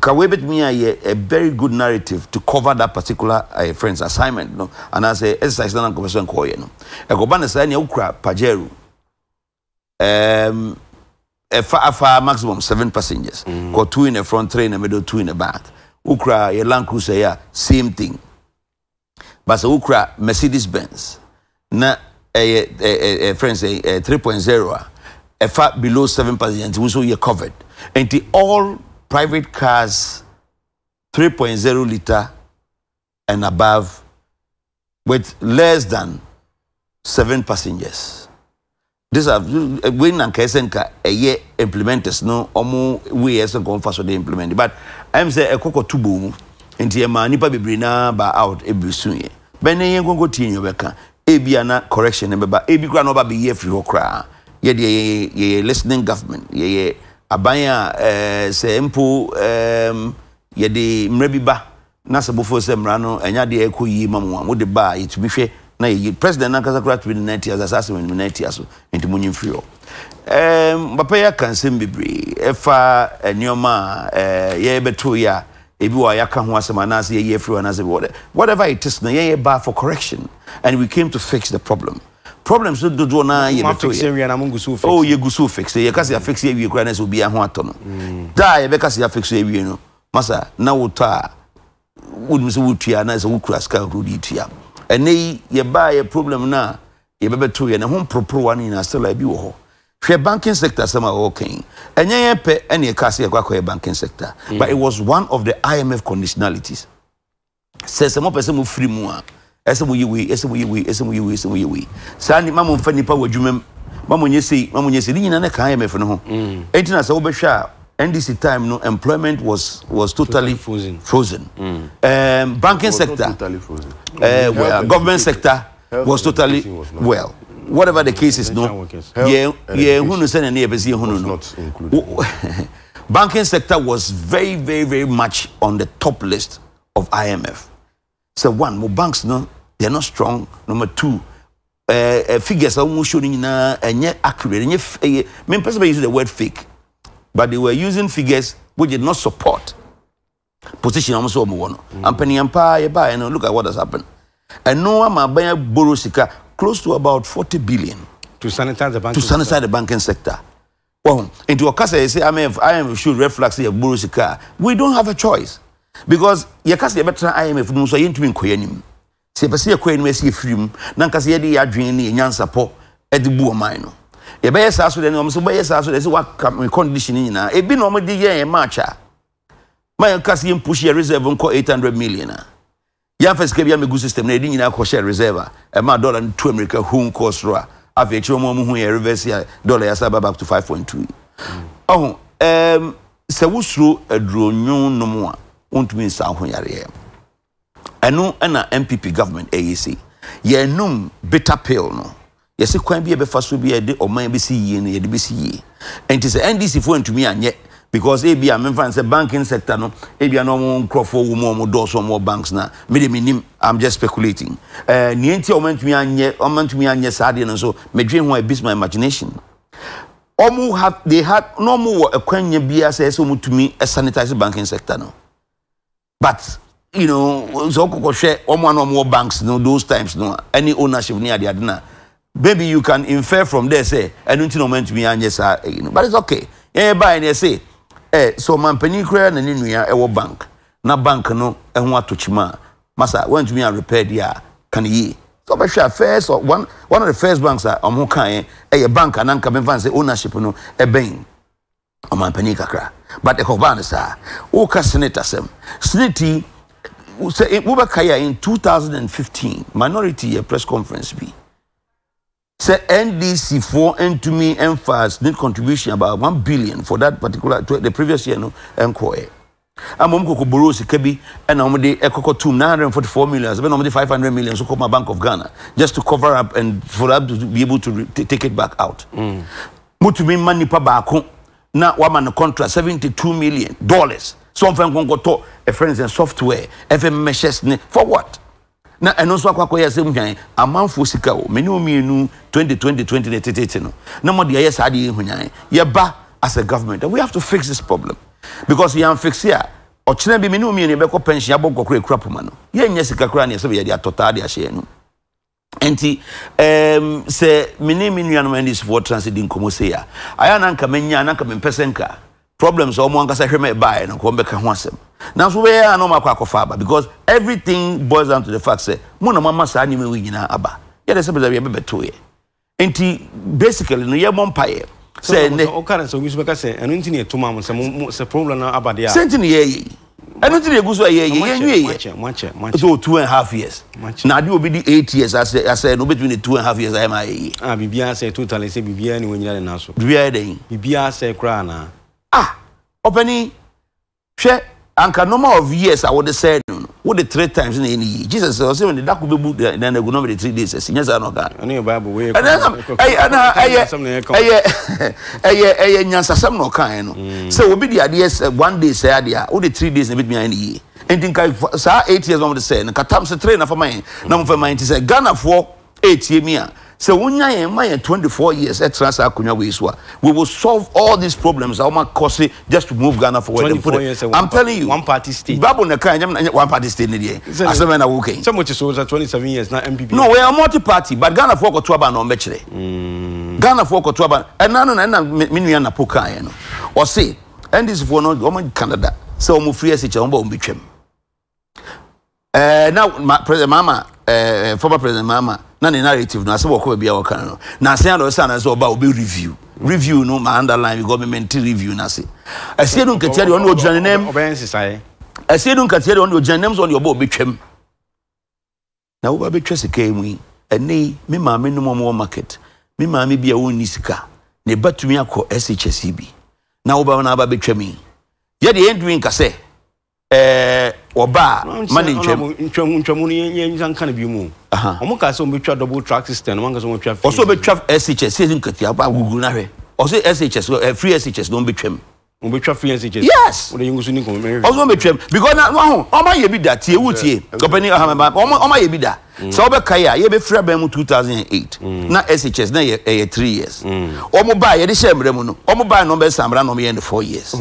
kawe betumi ayɛ a very good narrative to cover that particular uh, friend's assignment no anaasɛ exercise na na nkɔmɛ sɛ nkɔɔyɛ no ɛkɔba ne saa nea wokura pajero um, a far, a far maximum seven passengers. Mm. Got two in the front, three in the middle, two in the back. Ukra, your Land Cruiser, yeah, same thing. But so Ukra, Mercedes Benz, na a eh, friends, a 3.0, a ah. far below seven passengers, so you covered. And the all private cars, 3.0 liter and above, with less than seven passengers. this have wey na nka ɛsɛ nka ɛyɛ implementers no ɔmo wey ɛsɛ nka ɔmfa so de implement but ɛm sɛ ɛkɔkɔ tu bɔ mu nti ɛma nipa bebree naa uh, ba out ebi so yɛ bɛn ne yɛn nkonko tie nyɛ bɛka ebi ana correction bɛba ebi kura na ɔba bɛ yi efiri hɔ koraa yɛde yɛyɛ yɛyɛ listening government yɛyɛ aban a ɛɛ uh, sɛ mpo ɛɛm um, yɛde mmerɛ bi ba na sɛ bofo sɛ mmara no ɛnya deɛ ɛkɔ yie ma mu a mo de ba a yɛtumi hwɛ na yɛyi president nankasa kora tumi ne nati asa asase wɔ ne nati aso nti munyi mfiri hɔ ɛɛm papa yi aka nsɛm bebree ɛfa eh, nneɛma a ɛɛ eh, yɛbɛto yi a ebi wɔ a yɛaka ho asɛm anaasɛ yɛyi afiri hɔ anaasɛ whatever whatever it is na yɛyɛ ba for correction and we came to fix the problem problems no dodoɔ naa yɛ bɛto yɛ o yɛ gu so fix yɛ kasi afix yɛ wie kora na sɛ obi aho atɔ no mm. daa yɛbɛ kasi afix yɛ wie no masa na wotɔ a wonim sɛ wotua anaasɛ wokura sika ahorow de etua ɛnɛ yi yɛbaa yɛ problem no a yɛbɛbɛto yɛ ne ho mporoporowa no nyinaa still bi wɔ hɔ hwɛ banking sector sɛm a wɔwɔkan ɛnyɛ yɛn pɛ ɛne yɛka sɛ yɛkɔakɔyɛ banking sector mm. but it was one of the imf conditionalities sɛ sɛ mopɛ sɛ mofiri mu a ɛsɛ moyɛ wei ɛsɛ moyɛ wei ɛsɛ moyɛ wei ɛsɛ moyɛ wei saa ma momfa nnipa wɔ adwuma mu ma monyɛ sei ma monyɛ sei ne nyinaa ne ka imf no ho mm. ɛnti na sɛ wobɛhwɛ a NDC time, no employment was was totally, totally frozen. Frozen. Mm. Um, banking sector, totally frozen. Uh, well, government sector was totally was well. Whatever the case is, no. Yeah, yeah. Who knows? Any ABC? Who Banking sector was very, very, very much on the top list of IMF. So one, more banks, no, they're not strong. Number two, uh, uh, figures are not show now, and uh, yet accurate. And if, I eh, mean, personally, use the word fake but they were using figures which did not support position ọmọ sọ ọmọ wọ no ampanyinpa yẹ ba And look at what has happened ẹnu ama abanya borrow sika close to about forty billion. to sanitize the banking to sanitize sector. the banking sector. Well, into a case you say, I mean, if IMF should red flag say, borrow sika, we don't have a choice. Because you case not say, better IMF, no, so you ain't doing Koyanim. Say, but see a Koyanim, see a film, Nankasi, Yadi, Adrian, Yansapo, Edibu, Mino. yɛbɛyɛ saa so deɛ ne ɔm sɛ wobɛyɛ saa so deɛ sɛ woaka me condition nyinaa ebi na ɔmde yɛ yɛ match a ma yɛka sɛ yɛmpush yɛ reserve nkɔ hundred million a yɛamfa sika bi amɛgu system no yɛde nyinaa kɔhyɛ reserve a ɛma dollar no tu amerika hu nkɔɔ soro a afei akyirɛ mu hu yɛ reverse a dollar yɛasa ba back to five 5.2 ɔho um, sɛ wosuro aduronwo nom a wontumi nsa ho yareɛ ɛno ɛna mpp government ɛyɛ sei yɛnum bitter pill no yɛsi kwan bi a bɛfa so bi a yɛde ɔman bɛsi yie no yɛde bɛsi yie nti sɛ ndc foɔ ntumi anyɛ because ebi a mefa sɛ banking sector no ebi a na ɔmo nkurɔfoɔ wɔ mu ɔmo dɔɔso ɔmo banks na me de me nim i'm just speculating ɛɛ eh, nea nti a ɔmo ntumi anyɛ ɔmo ntumi anyɛ saa adeɛ no nso medwin ho a ebi my imagination ɔmo ha they had na ɔmo wɔ ɛkwanya biara sɛ ɛsɛ ɔmo tumi sanitize banking sector no but you know sɛ ɔkɔkɔ hwɛ ɔmo a na ɔmo wɔ banks no those times no any ownership ne adeade na maybe you can infer from there say ẹnu tí na ọmọ ntumi anyẹ saa ẹyin but it's okay yẹn yẹn báyìí ni ẹ sẹ ẹ sọ ọmọpanyin koraa na ne nua ẹwọ bank na bank no ẹho ato kyima masa wọn ntumi a repair di a kan yie so ọbẹhwẹ a first or one one of the first banks a ọmọ kan yẹn ẹyẹ bank ananka mẹfà sẹ ownership no ẹbẹn ọmọpanyin kakra but ẹkọ baa ni saa wọka senator sẹm senator yi sẹ wọbẹka yẹ in two thousand and fifteen minority yẹ press conference bi sɛ ndc foɔ ntumi mfa state contribution about one billion for that particular to the previous year no nkɔɛ ama wɔn kɔkɔ boro sika bi ɛna wɔn de ɛkɔkɔ tum nine hundred and forty four million ɛbɛn wɔn de five hundred million so kɔma bank of ghana just to cover up and for them to be able to take it back out. Mm. mutumi mm. ma nipa baako na wama ne contract seventy two million dollars sɔnfɛn kɔnkɔtɔ ɛfɛn sɛ software ɛfɛn measures ne for what na ɛno nso akɔ akɔyɛ sɛ mhwan amanfoɔ sika o mene wo mmienu 2020 ne tetete no na mɔde ɛyɛ saa deɛ yɛhunyan yɛba as a government and we have to fix this problem because yɛamfixe a ɔkyena bi mene wo mmienu yɛbɛkɔ pension abɔ nkɔkora ɛkura poma no yɛnyɛ sika koraa ne ɛsɛ bɛyɛde atɔ taa de ahyɛ no nti um, sɛ mene me nuanom ndisfoɔ transe di nkɔmmɔ sei a ayɛ na anka manya na problems a ɔmo ankasa hwɛ ma ɛbaeɛ no nkɔ ɔmbɛka ho asɛm na so wɛyɛ a na ɔma akɔ aba because everything boils down to the fact sɛ mo na mama saa nneɛma yi nyinaa aba yɛde sɛ bɛsɛ yɛbɛbɛto yɛ nti basically no yɛmmɔ mpayɛ sɛ ɛnɛ ɔkara sɛ obi so bɛka sɛ ɛno nti ne yɛto ma mo sɛ mo sɛ problem no aba deɛ a sɛ nti ne yɛyɛ ɛno nti ne yɛgu so a yɛyɛ yɛnwie yɛ sɛ two and half years na ade obi di eight years asɛ asɛ no obɛtumi ne two and half years ayɛ ma ayɛyie ah biribiaa sɛ totally sɛ biribiaa ne wɔnyina ne na so biribiaa yɛ dɛn biribiaa sɛ koraa anaa ah ɔpani hwɛ anka number of years a wɔde sɛ no no wɔde three times na yɛ ne yie jesus sɛ ɔsɛ ne dako bɛbu na na egu nɔmɛ de three days ɛsi nyɛ saa na ɔka. ɛne yɛ baabu wo yɛ kɔ ɛyɛ ɛna ɛyɛ ɛyɛ ɛyɛ ɛyɛ nyansasɛm na ɔka yɛ no mm. sɛ obi de adeɛ sɛ one day sɛ adeɛ a wɔde three days na ebi tumi ayɛ ne yie nti nka saa eight years na wɔde sɛ no katam sɛ three na fama yɛn na mo mm. fɛ ma yɛn ti sɛ ghanafoɔ etie mi a sɛ wonya yɛn ma yɛn 24 years ɛtena saa akonnwa wei so a we will solve all these problems a wɔma kɔse just to move ghana forward and put it i'm telling you one party state bible na kan nyam one party state ne deɛ asɛm ɛna wo kɛn sɛ mo ti so sɛ 27 years na mpp no we are multi party but ghana fo kɔto aba na ɔmɛkyerɛ mm. ghana fo kɔto aba ɛna no na ɛna me nua napo kan yɛ no ɔse ndc foɔ no wɔn canada sɛ wɔn firi ɛsi kyɛ wɔn bɛ wɔn bɛ twɛm ɛɛ eh, na ma president Mama, ɛɛ eh, former president Mama, na ne narrative no asɛ wɔkɔ baabi a wɔka no na asen adɔ sɛ anasɛ ɔba obi review review no ma underline government review no ase ɛsiɛ no nketewa deɛ ɔno ogyina ne nam ɛsiɛ no nketewa deɛ ɔno ogyina ne nam sɛ ɔno ɔba obi twam na woba bɛtwa sika yi mu yi ɛne me maame nom ɔmo wɔ market me maame bi a wɔnni sika ne ba tumi akɔ shsc e bi na woba na aba bɛtwa mu yi yɛ deɛ yɛntumi nkasɛ ɛɛ. Eh, ɔba a mani ne ntwam ntwam ni no yɛn yɛn nka ne bi mu ɔmo ka sɛ ɔmo betwa double track system ɔmo ka sɛ ɔmo betwa. ɔsɔ bɛ twa shs sɛ ɛdi nkatia ba gugu n'ahwɛ ɔsɔ shs free shs na ɔmo betwam mo bɛ twa free and six. yes o de ye nkusu ni nkɔmɔ mɛrin. ɔsùn bɛ twɛm because na wọn hàn ɔmá yɛ bi da tie ewu tie eh, eh, kɔpɛni ahamaba ɔmá ɔmá yɛ bi da mm. sɛ ɔbɛ ka yi a yɛ bɛ fira bɛn mu two thousand and eight mm. na shs na yɛ ɛyɛ eh, three years ɔmu mm. ba yɛ de hyɛ mìrɛ mu no ɔmu ba yɛ nɔmbɛ sanbara nɔmbɛ yɛ ni four years tie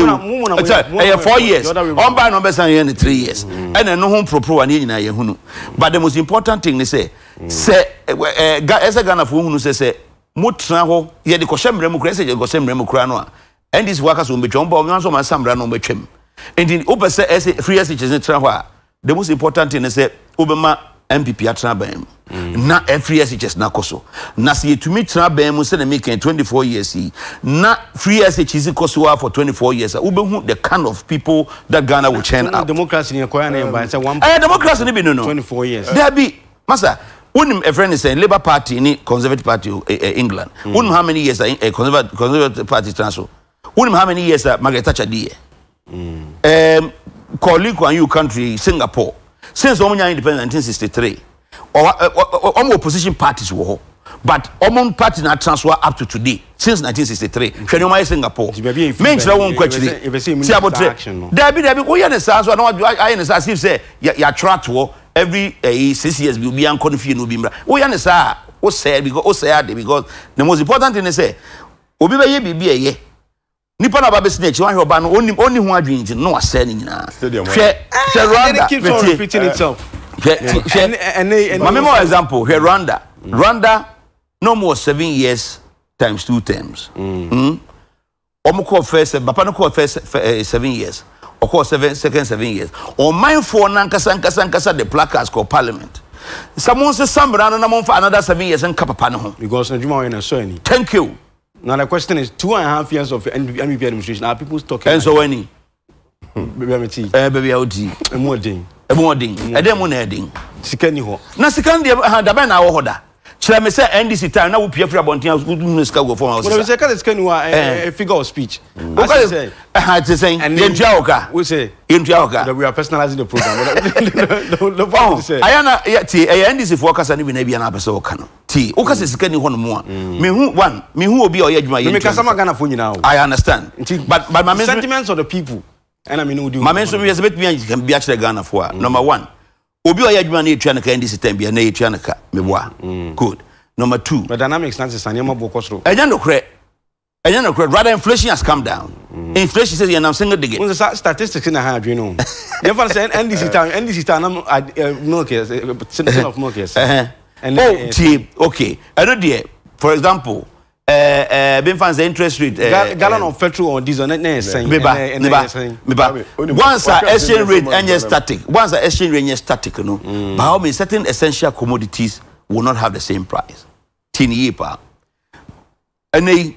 wu ɛyɛ four years ɔmu ba yɛ nɔmbɛ sanbara yɛ ni three years ɛna ɛnu ho mpropro wa ne yɛ but the most important thing ni sɛ sɛ ɛɛ ɛsɛ ghana fo hunu sɛ sɛ mo tena hɔ yɛ de kɔhyɛ mìrɛ mu kura ɛsɛ yɛ de kɔhyɛ mìrɛ mu kura no a ndc workers wɔn bɛtwa wɔn ba wɔn nso wɔn asamra na wɔn bɛtwam nti wopɛ sɛ ɛsɛ free SHS ne tena hɔ a the most important thing ne sɛ wobɛma npp atena ban mu na free SHS na kɔ so na sɛ yɛtumi tena ban mu sɛdeɛ twenty-four years yi na free SHS kɔ so a for twenty-four years a wobɛhu the kind of people that Ghana will churn out democracy ne kɔɛ na yɛmba sɛ one ɛyɛ eh, democracy ne bi no no 24 years dabi masa wonim ɛfrɛ ne sɛ labour party ne conservative party eh, eh, england wonim mm. how many years a conservative party tena so wonim how many years that Margaret Thatcher did mm. um, colleague and you country Singapore since wɔn nyɛ independent 1963 wɔn opposition parties wɔ hɔ but wɔn party na transfer up to today since 1963 hwɛ nneɛma yɛ Singapore mi n kyerɛ wɔn nkɔ akyire si abotire dabi dabi woyɛ ne saa so a na wɔayɛ ne saa si sɛ yɛatwerɛ atoɔ every eh, six years bi obi ankɔ ne fie na obi mmra woyɛ ne saa a wosɛɛ because wosɛɛ ade because the most important thing is sɛ eh, obi bɛyɛ biribi ɛyɛ nipa na babesi n'akyi wahwɛ ɔba no oni oni ho adwene nti no wasɛe ne nyinaa hwɛ hwɛ rwanda hwɛ hwɛ maame ma wɔ example hwɛ rwanda mm. rwanda no ɔmo wɔ seven years times two terms ɔmo mm. hmm? kɔɔ first papa no kɔɔ first eh, seven years ɔkɔɔ seven second seven years ɔmanfoɔ nankasa nkasa nkasa de placards kɔ parliament Samu mo nsesan mmira no na mo nfa another seven years nka papa no ho. because adwuma wɔyɛ na sɔɔ ni. thank you. Now the question is, two and a half years of NPP administration, are people talking? And so when hmm. Baby, I'm tea. Eh, baby, I'm tea. I'm more ding. I'm more ding. I'm more ding. Sika ni ho. Na sika ni dabɛ na awɔ hɔ da kyerɛ me sɛ ndc time na wopia firi abɔnten wodunu sika wɔ fɔm sisasɛkadesikanuwa eh, eh, eh, figure of speech mm. te sɛn yɛntua wɔ ka yɛntua wɔ kaayɛna ti ɛyɛ ndc foɔ kasa no bina bia no apɛ sɛ wɔka no ti woka sɛ sika ni hɔ no mu a mm. mehu one mehu obi a ɔyɛ adwuma yɛmekasama ghanafoɔ nyinaa i understand but sentiments of the people ɛna mene wodi mame nso yɛ sɛ bɛtumi bi akyerɛ ghanafoɔ a mm. number one obi ɔyɛ adwuma no yɛtua no ka ndc tam bia na yɛtua no ka meboa mm. good number two but dynamics not sane ma bɔ kɔsoro ɛnyɛ nokorɛ ɛnyɛ nokorɛ rather inflation has come down mm. inflation sɛ yɛnam sɛngɛ dege wosɛ sa statistics na ha adwene no yɛmfa no sɛ ndc town ndc town nam milk yɛ sɛ of milk yɛ sɛ uh-huh. oh uh, tie okay ɛno deɛ for example Eh, eh, bimfa sɛ interest rate. gallon of petrol or diesel ne ne sɛn. miba miba miba once a exchange rate ɛnyɛ static once a exchange rate ɛnyɛ static no mm. by all means certain essential commodities will not have the same price tin yie paa ɛnɛ yi.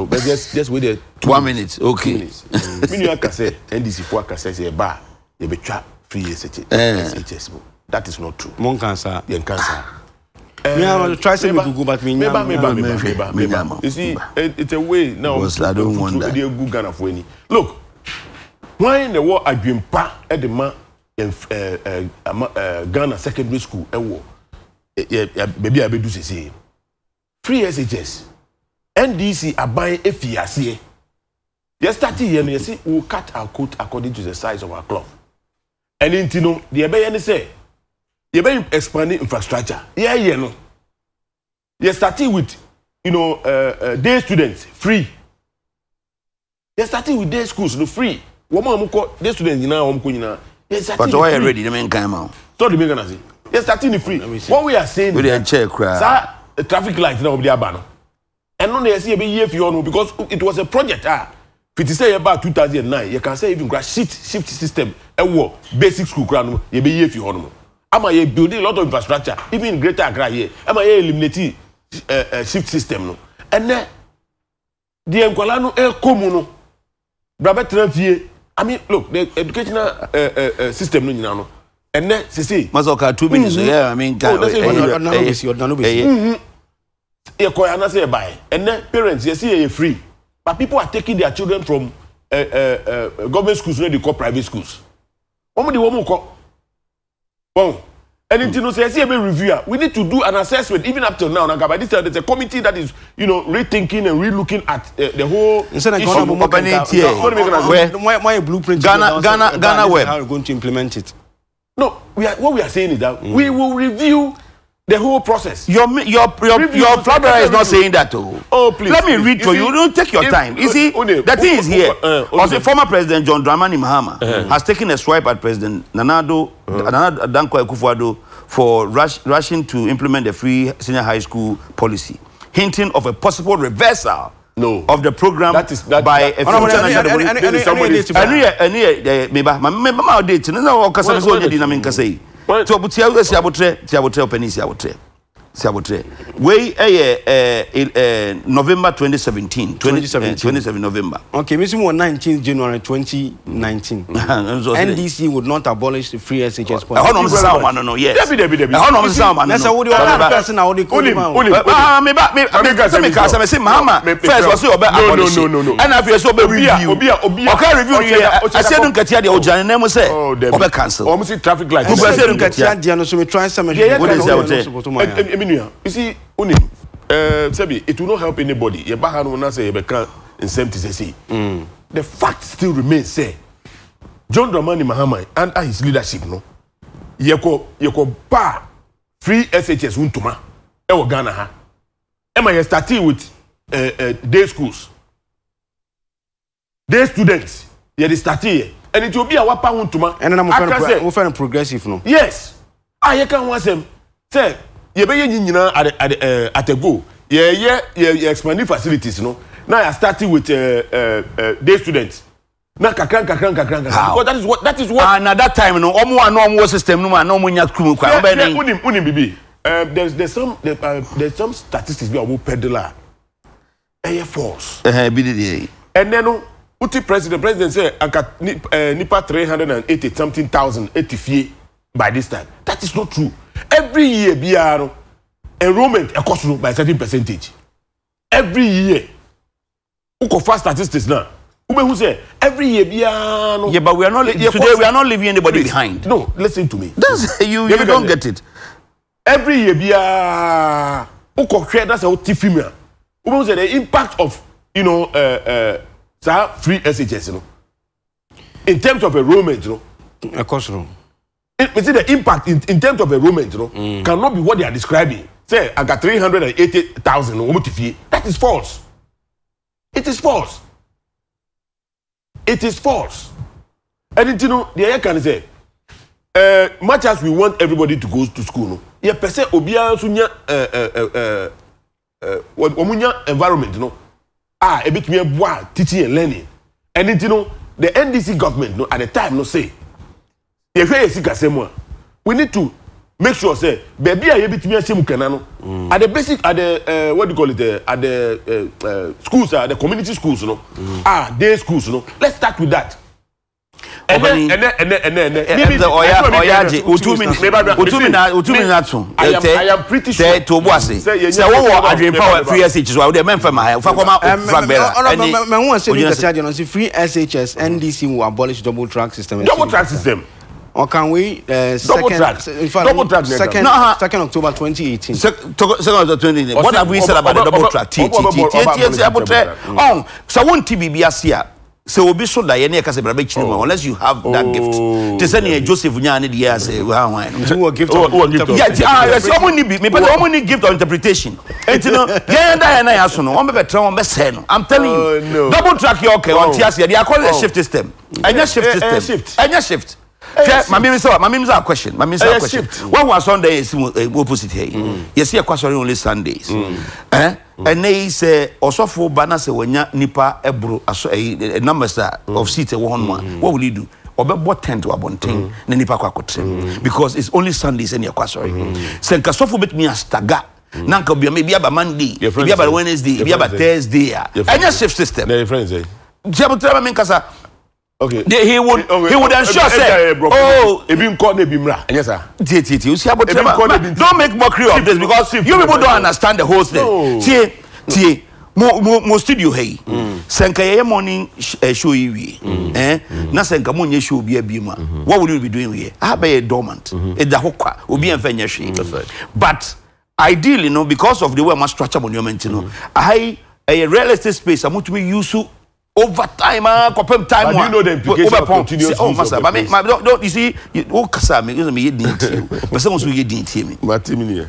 so but just just wait there. two one minute okay two minutes minnu yà kasẹ ndc fo akasẹ sẹ ẹ ba yẹ bẹ twa free shs mu eh. that is not true. mo n kan sa. yẹ n kan sa. me i was try say me gugu but me nyam me ba me ba me ba me ba you see it's a way now futu edi egu ghana fo eni look wọn na wọ adwempa ẹdi ma eh, eh, ghana secondary school ẹwọ bẹẹbi a bẹ du sese free shs ndc aban efi aseɛ yɛstati yɛ no yɛsi we cut our coat according to the size of our club ɛni nti no deɛ ɛbɛyɛ ne sɛ yɛbɛyɛ expand infrastructure yɛɛyɛ no yɛstati with you know uh, uh, day students free yɛstati with day schools no free wɔn a wɔn kɔ day students nyinaa wɔn kɔ nyinaa yɛstati with free. pàtó ɔyɛ ready ne mi nkan ma o. sɔɔdi mi kan na se yɛstati ni free What we are saying. o de ɛ n kyɛ traffic light náà wɔn de aba no. And ɛno na yɛsɛ yɛbɛyie fie hɔ you because it was a project Ah, fiti sɛ yɛbaa two thousand and You can say even kora shift shift system ɛwɔ basic school ground. You yɛbɛyie fie hɔ you. ama yɛ building a lot of infrastructure even greater Accra yɛ ama yɛ eliminate ɛɛ shift system no ɛnɛ deɛ nkwadaa no ɛkɔ mu no brabɛ tena fie i mean look the educational uh, uh, system no nyinaa no ɛnɛ see, Mazoka two minutes Yeah, i mean time ɛyɛ ɛyɛ ɛyɛ yɛkɔ yɛ anase yɛ bae ɛnɛ parents yɛsi yɛ yɛ free but people are taking their children from uh, uh, uh, government schools no dey call private schools wɔn de wɔn kɔ wɔn ɛni ti no sɛ yɛsi yɛ bɛ review ah we need to do an assessment even up till now na gaba this time there is a committee that is you know rethinking and relooking at uh, the whole issue. nsẹ́nà ghana mo bẹ́ẹ̀ ní tiẹ̀ where why a blueprint. ghana ghana ghana where. how we going to implement it. no we are what we are saying is that mm. we will review the whole process. Your your your, your flabber is not saying that. Oh, oh please. Let me read to you. you. Don't take your if, time. You oh, see, uh, the thing is here. Uh, also, former President John Dramani Mahama uh, has taken a swipe at President Nanado uh, Nanado Danko akufo for rush, rushing to implement the free senior high school policy, hinting of a possible reversal. No. Of the program that is, that, by that, a future national. I knew, I knew, I knew, I knew, I nti ɔbu tia esi abotrɛ tia abotrɛ ɔpɛni esi abotrɛ si abotire wei ɛyɛ ɛɛ november twenty seventeen twenty seventeen twenty seven november. okay mi si mu wɔ nineteen january twenty nineteen ndc would not abolish the free shs point. ɛhɔ nom sisan o ma nono yes debi debi debi ɛhɔ nom sisan o ma nono. ɛsɛ wo de ɔlá fɛsɛ na o de kó ní ma o. aa mi ba mi sɛ mi ka sɛ mi si mahama fɛs wɔ si ɔbɛ abolish ɛna fi ɛsɛ ɔbɛ review ɔka review yɛ ɛsɛ dun kɛtɛ deɛ ɔjan ne mu sɛ ɔbɛ cancel. ɔmu si traffic light. ɛsɛ dun kɛtɛ deɛ no so mi try sɛ mi mi nua you see onim ɛɛ eh, sɛbi it will not help anybody yɛ ba ha no na sɛ yɛ bɛ ka nsɛm ti sɛ se. the fact still remains say john dramani mahama under his leadership no yɛkɔ yɛkɔ pa free shs ntoma ɛwɔ ghana ha ɛma yɛ starting with ɛɛ eh, ɛɛ eh, day schools day students yɛde starting yɛ ɛni ti obi a wapa ho ntoma. ɛnna mo fɛn mo progressive no. yes a yɛ ka ho asɛm sɛ yɛbɛyɛ nyi nyinaa at at ɛɛ at a go yɛyɛ yɛ yɛ expanding facilities no na yɛ start with ɛɛ ɛɛ day students na kakran kakran kakran kakran because that is what that is what. and ah, at that time no ɔmo a na wɔ system no mu a na ɔmo nya kurum kwan ɔbɛn ne. unim unim bibi there is there is some there is uh, some statistics bi a ɔmo pɛdela ɛyɛ force. ɛhɛn bi de deɛ. ɛnɛ no uti president president sɛ anka nipa three hundred and eighty something thousand eighty fie by this time that is not true every year biara no enrollment ɛkɔ soro by certain percentage every year wokɔfa statistics na wobɛhu sɛ every year biara no. yeah but we are not today we are not leaving anybody please, behind. no listen to me. that's you you, don't get it. every year biara wokɔhwɛ na sɛ wote film a wobɛhu sɛ the impact of you know, uh, uh, saa free shs no in terms of enrollment no. ɛkɔ soro me see the impact in, in terms of enrollment you know, mm. cannot be what they are describing say i got three hundred and eighty thousand omo that is false it is false it is false ẹni you know, the ẹyẹ can say, ẹ much as we want everybody to go to school no yẹ pẹ sẹ obia nso nya ẹ ẹ ẹ ẹ ọmọ nya environment no a bit me ẹ bua teaching and learning ẹni you know, the ndc government you no at the time no say yɛhwɛ yɛ sikasɛm a we need to make sure say baabi a yɛbɛtumi ahyɛ mu kana no mm. at the basic at the uh, what do you call it uh, at the uh, uh, schools uh, the community schools no mm. ah day schools no let's start with that ọbẹni ẹnẹ ẹnẹ ẹnẹ ẹnẹ ẹnẹ ọya ọya jẹ otumi otumi na otumi na tun tẹ tẹ tó bọ ase sẹ wọ́n wọ adrian power free shs wa o de mẹ́fẹ̀ ma ẹ fakọ́mà flagbẹ́ra ẹni ojúnẹsẹ. mẹ n wọn sẹ ní kẹsí àjẹnà sí free shs ndc will abolish double track system. double track system. Yeah or can we uh, double second, track in fact, double track second, no, uh, second October 2018 sec second October 2018 what have we said about the double track t t t t double track oh so won't be asia sɛ obi so da yɛ ne yɛka sɛ bra bɛkyiri oh, unless you have that oh, gift te sɛ neɛ joseph nyaa ne deɛ sɛ whawanyɛsɛ ɔmo ni bi mepɛ sɛ ɔmo ni gift of interpretation enti no yɛn da yɛ na yɛ aso no ɔmbɛbɛtrɛ wɔn bɛsɛe no i'm telling you double track yɛ ɔkɛ ɔnte aseɛ deɛ akɔ yɛ shift system ɛnyɛ shift system ɛnyɛ shift hwɛ maame mi sɛ maame mi sɛ a question maame mi sɛ a question wɔn wɔn asɔnda yɛ si eh, mu opposite yɛ yi mm. yɛsi yɛ kɔ asɔre only sundays mm. ɛn mm. ɛnɛ yi sɛ ɔsɔfo ba na sɛ wɔnya nipa ɛboro asɔ ɛyi eh, eh, numbers a of seat ɛwɔ hɔ noma what will you do ɔbɛbɔ tent wɔ abɔnten na nipa kɔ akɔtɛm because it's only sundays ɛni yɛ kɔ asɔre sɛ nkasɔfo betumi astaga na nka obiama ebi aba monday ebi aba wednesday ebi aba thursday a ɛnyɛ shift system jɛbutɛrɛ mi nkasa. Eh, okay he would he eh, would ensure eh, say oh ebi nkọ na ebi mra. yes sir. tie tie tie o si abotire ma don't make mockery of this because you people don't understand the whole thing. tie tie mo mo mo studio ha yi. Mm. sɛ nka morning show yi wie ɛn na sɛ nka mo nyɛ show bi abi mu a mm-hmm. what would you be doing here ah, a bɛ yɛ dormant ɛda mm-hmm. hɔ kwa obi yɛn fɛ nyɛ hwee but ideally no because of the way ma structure mo nneɛma nti no aha mm-hmm. ɛyɛ real estate space a mo tumi use over time ah confirm time one. but do you know the implication of continuous oh, use of the place. oh masa bami ma don don you see o oh, kasa mi o mi ye din tie o person also ye din tie mi. ma ti mi nìyẹn.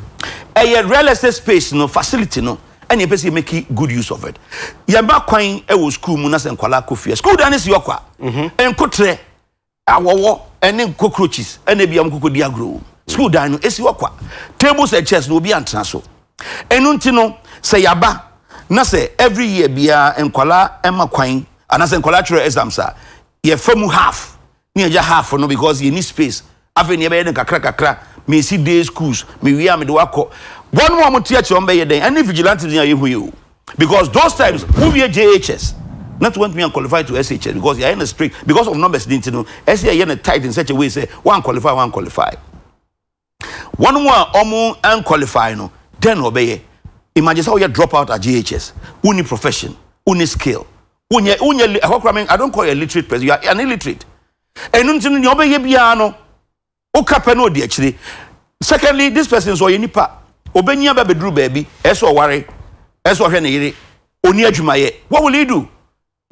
ẹ yẹ real estate space no facility no ẹni epe si make good use of it yẹn bá kwan ẹ eh, wọ school mu n'asẹ nkwalá kò fìyà school dan ni si ọkọ a nkotrẹ awọwọ ẹni cockroaches ẹni eh, ebi amukoko di agorɔ school dan no esi ọkọ a tables and chairs na obi antena so ẹnu eh, ti no sẹ yaba na sɛ every year biara nkwala ɛma kwan anaasɛ nkwala twerɛ exams a yɛfa mu half ne yɛgya half no because yɛni space afei ne yɛbɛyɛ no kakra kakra mesi day schools mewie a mede wakɔ wɔn a wɔte akyerɛ wɔn bɛyɛ dɛn ɛne vigilante din a yɛhu yi o because those times wowie jhs not want me and qualify to SHS because you're in a strict because of numbers didn't you know SHS you're in a tight in such a way say one qualify one qualify one more almost unqualified no then obey imagine sɛ woyɛ drop out at ghs wonni profession wonni skill wonyɛ wonyɛ ɛhɔ kora me i don't call you a literate person you are an illiterate ɛno nti no nea ɔbɛyɛ biara no woka pɛ na ɔdi akyire secondly this person so ɔyɛ nipa ɔbɛnyia bɛ bɛduru baabi ɛsɛ ɔware ɛsɛ ɔhwɛ ne yere ɔni adwumayɛ what will he do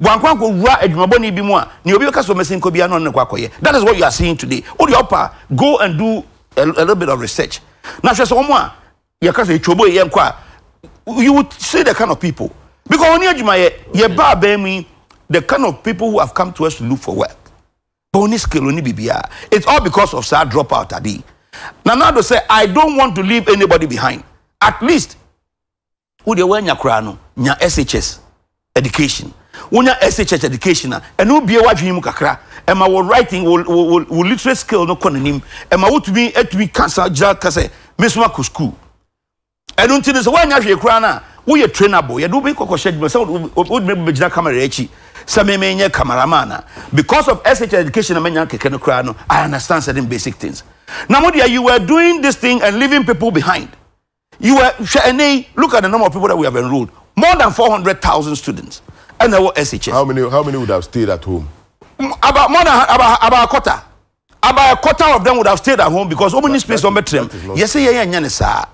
wankwanko wura adwumabɔni bi mu a nea obi bɛka so mɛsɛnkɔ biara na ɔne kɔ akɔyɛ that is what you are seeing today wode ɔpa go and do a, a little bit of research na hwɛ sɛ wɔn a yɛka sɛ etwobo yɛ nkɔ a you would see the kind of people. Because only Ajumaye, Yeba Bemi, the kind of people who have come to us to look for work. Only skill, only It's all because of sad dropout. Adi. Nanado say, I don't want to leave anybody behind. At least, who they were nyakrano, nya SHS education. Unya SHS education, and who be a wajim and my writing will, will, will, will literate skill no konanim, and my would be, et eh, be cancer, jar, kase, Miss Marco school ɛnu nti no sɛ woanya hwee koraa no a woyɛ trainable yɛde wobɛyi kɔkɔhyɛ adwuma sɛ wodumi bɛgyina kamera akyi sɛ memenyɛ cameraman a because of sh education na manya kɛkɛ no koraa no i understand certain basic things na mo deɛ you were doing this thing and leaving people behind you were hwɛ ɛnɛ look at the number of people that we have enrolled more than four hundred thousand students ɛna ɛwɔ shs how many how many would have stayed at home about more than about about a quarter about a quarter of them would have stayed at home because omuni space wɔn bɛ tẹrɛm yɛsɛ yɛn yɛn nyɛ ne saa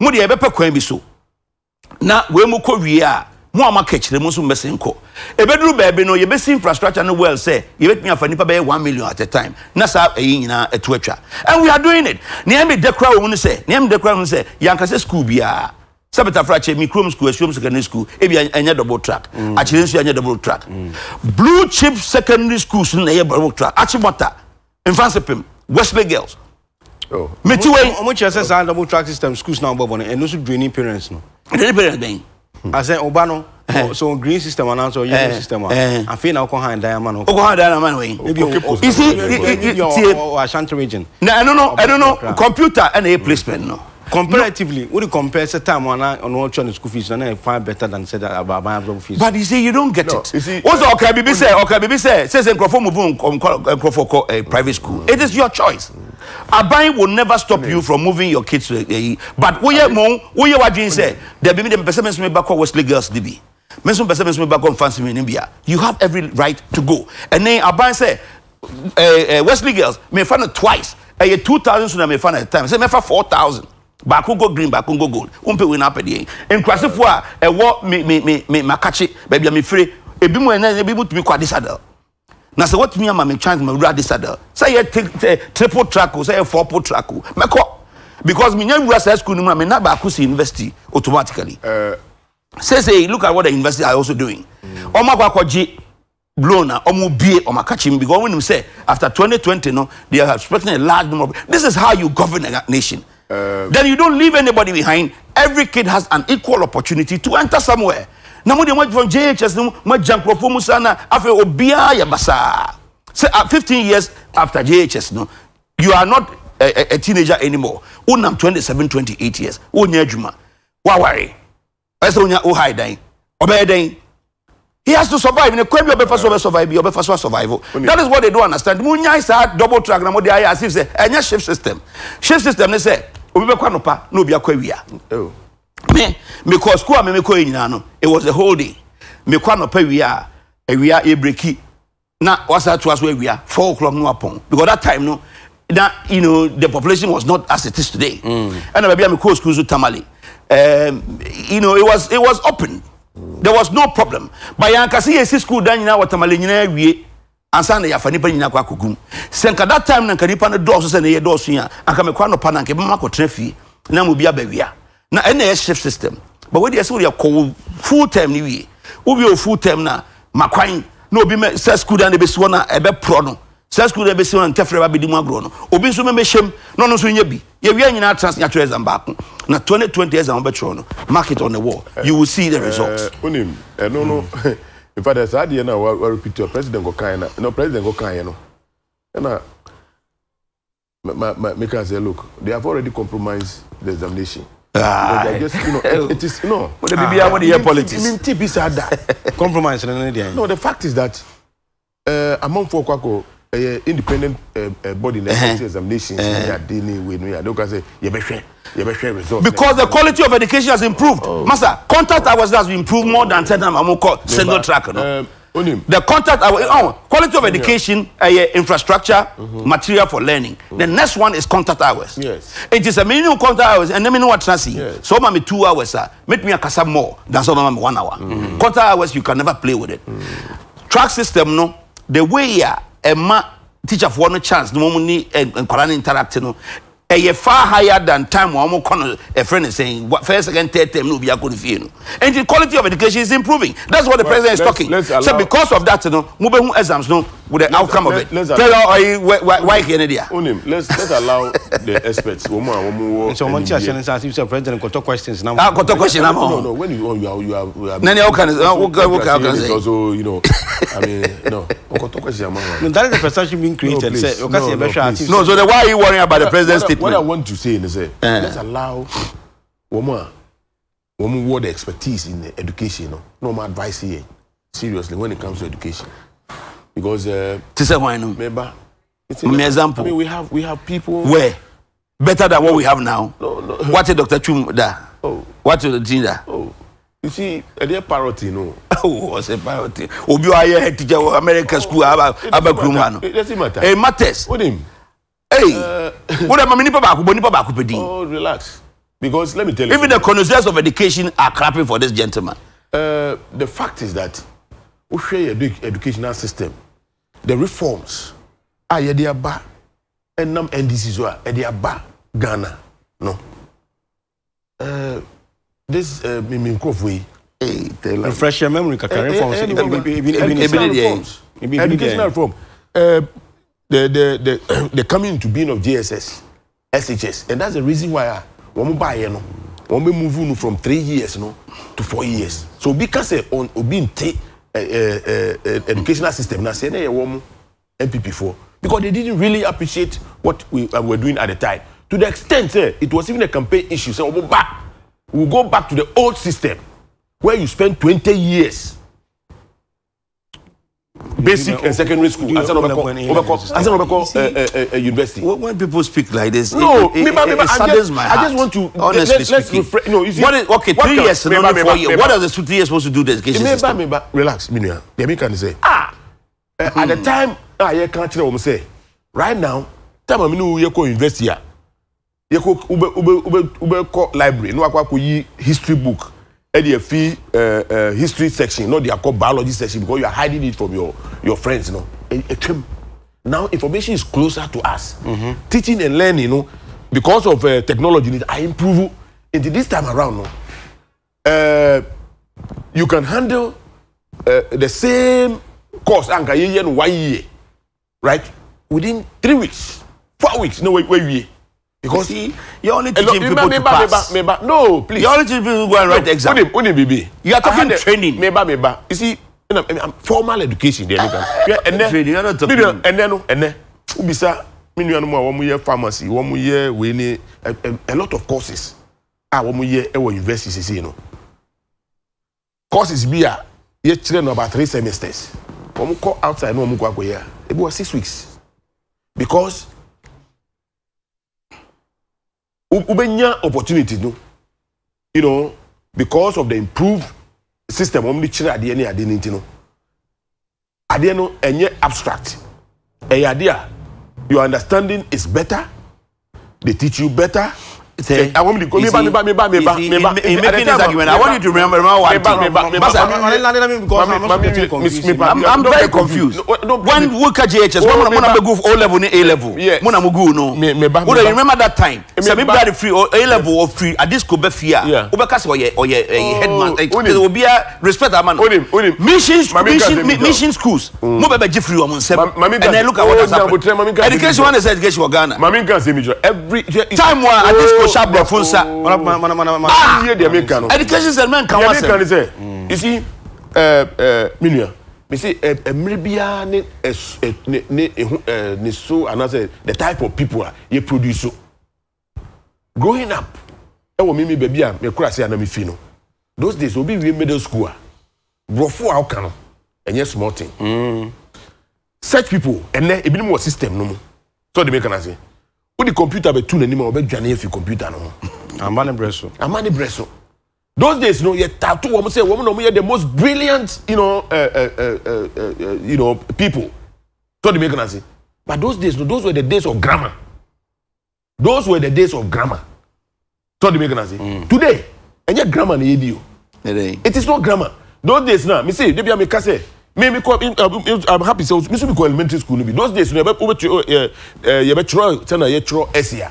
mo deɛ ɛbɛpɛ kwan bi so na wei mu kɔ wie a mo a maka kyerɛ mu nso mmɛsɛ nkɔ ɛbɛduru baabi no yɛbɛsi infrastructure no well sɛ yɛbɛtumi afa nnipa bɛyɛ one million at a time na saa ɛyi nyinaa ɛto atwa and we are doing it nea mi dɛ kora wɔ mu no sɛ nea mi dɛ kora mu no sɛ yɛankasɛ school biara sɛbɛtafra kyɛ mi kurom school asuom secondary school ebi ɛnyɛ double track mm. akyerɛ nso ɛnyɛ double track mm. blue chip secondary schools no na ɛyɛ double track akyimɔta mfansepem wesley girls Oh. meti wei eh. ɔmo kyerɛ sɛ saa double track system schools na wobɔbɔ no ɛno nso draining parents no draining parents bɛn asɛ ɔba no eh. so green system ana so yellow eh. system a afei na wokɔ han dan diamond, no wokɔ han dan ama no isi tie ashanti region na ɛno no ɛno no computer ɛna yɛ placement no Comparatively, no. would you compare the time when I on all Chinese school fees and I find better than said about uh, my school fees? But you see, you don't get no. it. You see, also, uh, okay, Bibi say, okay, Bibi say, says in Crawford move on a private school. It is your choice. Aban will never stop you from moving your kids. To, uh, uh but we are more, we are what you say. There be me the person me back Wesley Girls DB. Mention person me back on fancy me in India. You have every right to go. And then Aban say, uh, uh, Wesley Girls, me found it twice. Uh, 2,000 so I me found at the time. Say, me found 4,000 baako go green baako go gold wompe wei na apɛ deɛ nkurasifoɔ a ɛwɔ me me me me makakye baabi a mefire ebi mu ɛnɛ ebi mu tumi kɔ adisadal na sɛ wɔtumi ama me chance ma wura adisadal sɛ yɛ triple track o sɛ yɛ four pole track o mɛkɔ because mi nya wura sɛ school ni mu na mi na baako si university automatically. Uh, eh. say say look at what the university are also doing ọmọ akọ akọji loan na ọmọ bie ọmọ akakye mu because wọn nim sẹ after twenty twenty no they are expecting a large number of this is how you govern a nation. Um, then you don't leave anybody behind. Every kid has an equal opportunity to enter somewhere. Na mo de mo from JHS no mo jam krofo mu sana afi obia ya basa. Say at 15 years after JHS no you are not a, a, a teenager anymore. Unam 27 28 years. Onya adwuma. Wa ware. Ese onya o high dan. Obey dan. He has to survive. Ne kwem bi obefa so survive bi obefa so survive. That is what they don't understand. Mo nyai sa double track na mo de aye as if say enya shift system. Shift system ne say obi bɛkɔ anɔpa na obi akɔ awia oh. me mekɔ sukuu a memekɔ yɛ nyinaa no it was a whole day mekɔ anɔpa awia awia yɛ breki na wasa to aso awia four o'clock no apɔn because that time no na you know the population was not as it is today mm. ɛna baabi a mekɔ sukuu so tamale um, you know it was it was open there was no problem but yankasi yɛ si sukuu dan nyinaa wɔ tamale nyinaa awie ansa na yafa nipa nyina kɔ akɔgum sɛ nka that time na nka nipa no dɔɔso sɛ ne yɛ dɔɔso yi a anka mekɔ anɔpa na nka ɛbɛma akɔtena fie na mu bi abawia na ɛna ɛyɛ shift system but wɔde ɛsɛ wɔde akɔ wo full time ne wie wowie wo full time na makwan na obi mɛ sɛ school dan na ebesi hɔ na ɛbɛporɔ no sɛ school dan ebesi hɔ na ntɛfrɛ ba bɛdi mu agorɔ no obi nso mɛmɛhyɛm na ɔno nso nyɛ bi yɛwia nyinaa trans nyatwerɛ exam baako na twenty twenty exam wɔbɛtwerɛ no mark it on the wall you will see the result. ɛɛ eh, onim ɛno eh, no. in fact saa adeɛ no a warepiti president kɔkan na no president kɔkan no ɛna ma ma meka sɛ look they have already compromised the examination. Ah, it is no. mo de bibi awo de yɛ politics. mi n ti bi sa compromise no the fact is that uh, amanfo kwakɔ ɛyɛ independent eh, eh, body na ɛyɛ examinations na yɛ de ne wei no yɛ de o ka sɛ yɛbɛhwɛ yɛbɛhwɛ result. because the quality of education has improved oh. Master. contact hours has improved more than ten times amu kɔ single track no. Eh, the contact hours, oh, quality of education yeah. infrastructure mm-hmm. material for learning the next one is contact hours yes. it is a minimum contact hours and minimum what trans yes. so ma me two hours uh, make me akasa more than so ma me one hour mm-hmm. contact hours you can never play with it mm. track system no the way uh, ɛma teacherfoɔ no chance na wɔn ne nkwadaa no interact no ɛyɛ far higher than time wɔn mo kɔ no ɛfrɛ ne sɛn first second third term na obi akɔ ne fie no and the quality of education is improving that's what the well, president is let's, talking let's so because of that no mo bɛ hu exams no with the outcome let, of it tell ɔyi why kìí ɛni di a. onim let's let's allow the experts wɔn mu a wɔn mu wɔ. nso wɔn ti ase ne sa si sɛ president kɔtɔ questions na. ah kɔtɔ question na ma. no no when you you are you are. nani aw kan ne aw kan ne. also you know i mean no no, that is the perception being created. No, say, no, please. no, so then why are you worrying about the president's statement? What I want to say is, uh, let's allow woman, woman, what the expertise in the education, no, no, my advice here, seriously, when it comes to education, because. Uh, eh, to say why no? Remember, it's an example. I mean, we have we have people where better than what we have now. No, no. What did Dr. Chum da? Oh. What did Jinda? Oh you see ɛdeɛ parrot no ɔsɛ parrot obi ayɛ head teacher wɔ American school aba kurom ha no it matters hey uh, wọ́n dẹ̀ mọ̀ mi nípa baako bọ̀ nípa baako pẹ̀ dín. oh relax because let me tell you. even the connoisseurs of education are clapping for this gentleman. Uh, the fact is that o hwɛ yɛ educational system the reforms a yɛde aba ɛnam ndc so a yɛde aba ghana no. Uh, this uh, mi nkurɔfoɔ yi. refresh your memory kakari reforms ebini reforms educational reform uh, the the the the coming into being of GSS SHS and that's the reason why ah, wɔn ba yɛ no wɔn bɛ move no from three years no to four years so obi ka on obi n te eh, eh, eh, educational system na sɛ ɛna yɛ mu NPP for because they didn't really appreciate what we uh, were doing at the time to the extent say uh, it was even a campaign issue say wɔn ba we go back to the old system where you spend twenty years basic you know, and secondary school asan obeko obeko asan obeko university. when, when people speak like this. no it, it, I just, i just want to honestly let, speaking refre- no you see. what is okay what three can, years meba, meba, four years what are the two three years supposed to do the education system. meba meba relax minua yemi kan say. ah at the time a yẹ kan kyerɛ wɔn say. right now time a mi ni wo yɛ kɔ university yɛkɔ wobɛ wobɛ wobɛ wobɛkɔ library na wakɔ akɔyi history book ɛde ɛfi ɛɛ ɛɛ history section na ɔde akɔ biology section because you are hiding it from your your friends no ɛtwam now information is closer to us. Mm -hmm. teaching and learning you know, because of uh, technology i improve until this time around no uh, you can handle uh, the same course anka yeye no one year right within three weeks four weeks no wey wey wie. Because you see, you're only teaching people to pass. Meba, meba. No, please. You're only teaching people to go and write no, exam. Unim, unim, baby? You are talking training. Meba, meba. You see, I'm, I'm formal education. There, look at. And then, training. You're not talking. and then, and then, ubisa. Me nua no mo a wɔn pharmacy, wɔn yɛ wei ni a lot of courses Ah, wɔn yɛ ɛwɔ university sisi no. Courses bi a yɛkyerɛ no about three semesters. Wɔn kɔ outside na wɔn kɔ akɔyɛ a ebi six weeks because wobɛnya opportunity no you know because of the improved system wɔn de kyerɛ adeɛ ne adeɛ ne ti no adeɛ no ɛnyɛ abstract ɛyɛ adeɛ a your understanding is better they teach you better say i want me to go meba meba meba meba meba in making this argument i want you to remember one thing meba meba meba i'm very confused when wuka jhs when muna be go o level ni a level muna mu go no meba meba you remember that time say me be free or a level or free at this ko be fear we be cast oye oye eh, oh, headman eh, eh, obi respect that man mission mission mission schools mm. mo be be give free o mun sem and then look at what oh, has happened education one is education for Ghana mami kan say me every time at this ɔhyɛ aborɔfo nsa education sɛ mɛ nka wasɛ isi me nua mesi mmerɛ biara ne ne so anaasɛ the type of people a yɛ produce so growing up ɛwɔ mimi baabi a mekora ase a na mefi no those days obi wie middle school a borɔfo a woka no ɛnyɛ small thing mm. such people ɛnɛ ebinom wɔ system no mu sɛ ɔde meka no ase wodi computer bɛtu n'anim a ɔbɛdwane afi computer no ho ama ne berɛ so ama ne berɛ those days no yɛ tattoo. wɔn sɛ wɔn na wɔn yɛ the most brilliant you know, uh, uh, uh, uh, uh, you know, people so de make na se but those days no those were the days of grammar those were the days of grammar so de make na se mm. today ɛnyɛ grammar na yɛ di o it is not grammar those days na me say debi a me ka mi mi kɔ i'm happy sɛ mi nso mi kɔ elementary school ni bi those days no yɛbɛ wobɛ yɛbɛ twerɛ sɛ na yɛ twerɛ ɛsia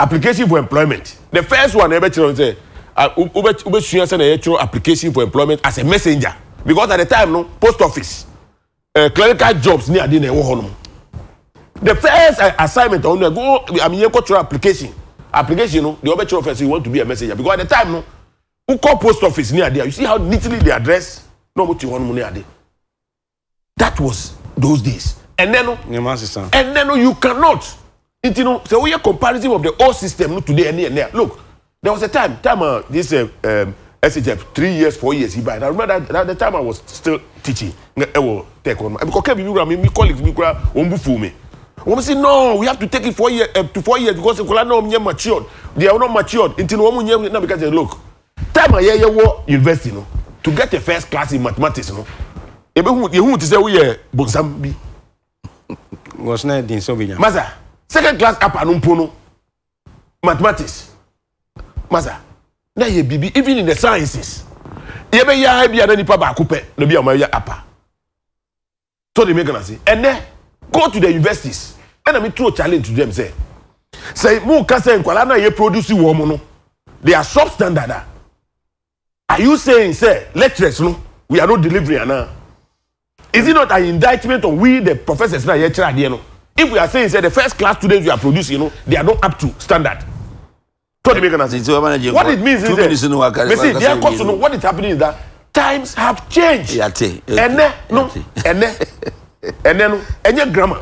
application for employment the first one yɛbɛ twerɛ sɛ wobɛ wobɛ sua sɛ na yɛ twerɛ application for employment as a messenger because at the time no post office uh, clerical jobs ni adi na ɛwɔ hɔ nom the first uh, assignment ɔno go i mean yɛ kɔ twerɛ application application no deɛ ɔbɛ twerɛ first you want to be a messenger because at the time no wokɔ post office ni adi you see how neatly they address na ɔmo te hɔ nom ne ade that was those days ɛnɛ no ɛnɛ no you cannot nti no sɛ woyɛ comparison of the old system no today ɛne ɛnɛ look there was a time time uh, this uh, um, SHF three years four years he buy and I remember that, that the time I was still teaching ɛwɔ tech one. ɛbi kɔkɛ bibi wura mi mi colleagues mi kura wɔn bu fun mi wɔn say no we have to take it four year uh, to four years because nkola náà wɔn nyɛ matured they are not matured nti no wɔn mu nyɛ na because look time a yɛ yɛ wɔ university no to get a first class in mathematics no ebehu yehu ti sɛ woyɛ bonsam bi. wɔsena din sɛ obinya. masa second class apa no mpo mathematics masa na ye bibi even in the sciences yɛbɛyɛ aha bi a na nipa baako pɛ na bi a wɔn ayɛ apa so de make na se ɛnɛ go to the universities ɛna mi throw challenge to them sɛ sɛ mo kase nkwalaa na ye produce wɔn no they are substandard ah are you saying say lecturers no we are no delivering ana is it not an indictment on we the professors na yẹ kyerẹ no if we are saying say the first class students we are producing you know, they are not up to standard tọ́ni mi kana se what it means is say bẹ́sẹ̀ diẹ kọ́sùn no what is happening is that times have changed ẹnẹ no ẹnẹ ẹnẹ no ẹnyẹ grammar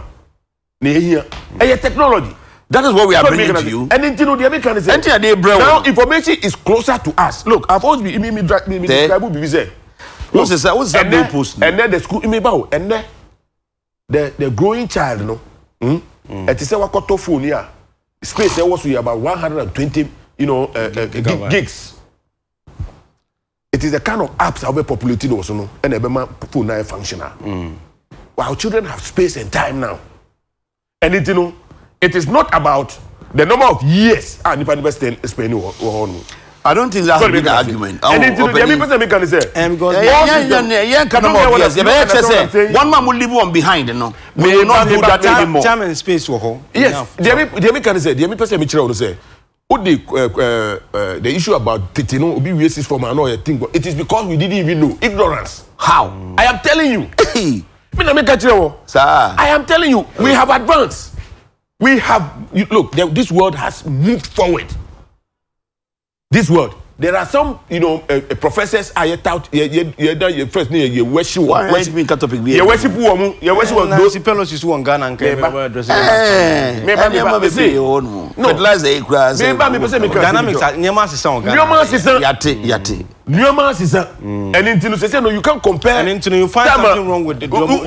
na ehia ẹyẹ technology. That is what we are bringing to you. And then, you know, the American is now information is closer to us. Look, I've always been me me drive me me describe what BBC. What's this? What's that bill post? And then the school me bow. And then the the growing child, no. Hmm. Mm. And they say what cut phone here. Space there was we about 120, you know, uh, uh, gigs. It is the kind of apps I'll be populating also, no, and the phone now e functional. Mm. Our children have space and time now, and it you know it is not about the number of years a ah, nipa nipa spend wɔ hɔ no. I don't think that's a big argument. And oh, it is the main person can say. Um, because yeah, yeah, yeah, yeah, yeah, can about yes. Yeah, but yeah, say one man will leave one behind, you know. May no, not do that time, anymore. Time and space were home. Yes, the main can say. The main person me chere say. What the uh, uh, the issue about you know be racist from an oil thing? It is because we didn't even know ignorance. How? Mm. I am telling you. Me na me catch you. Sir. I am telling you. We have advanced. We have, you, look, the, this world has moved forward. This world. There are some, you know, uh, professors I yet out, yet, yet, first, yet, yet worship. Why are you topic? You worship woman, you worship woman. who Pelosi is one Ghana and Kenya. Eh, eh, meba meba me say no. Fertilizer equals. Meba me say me Ghana mix. Uh, Nyama sisan Ghana. Nyama sisan. Yate yate nneɛma sisa mm. ɛni ntino sɛ sɛ no you can compare ɛni ntino you find something wrong with the double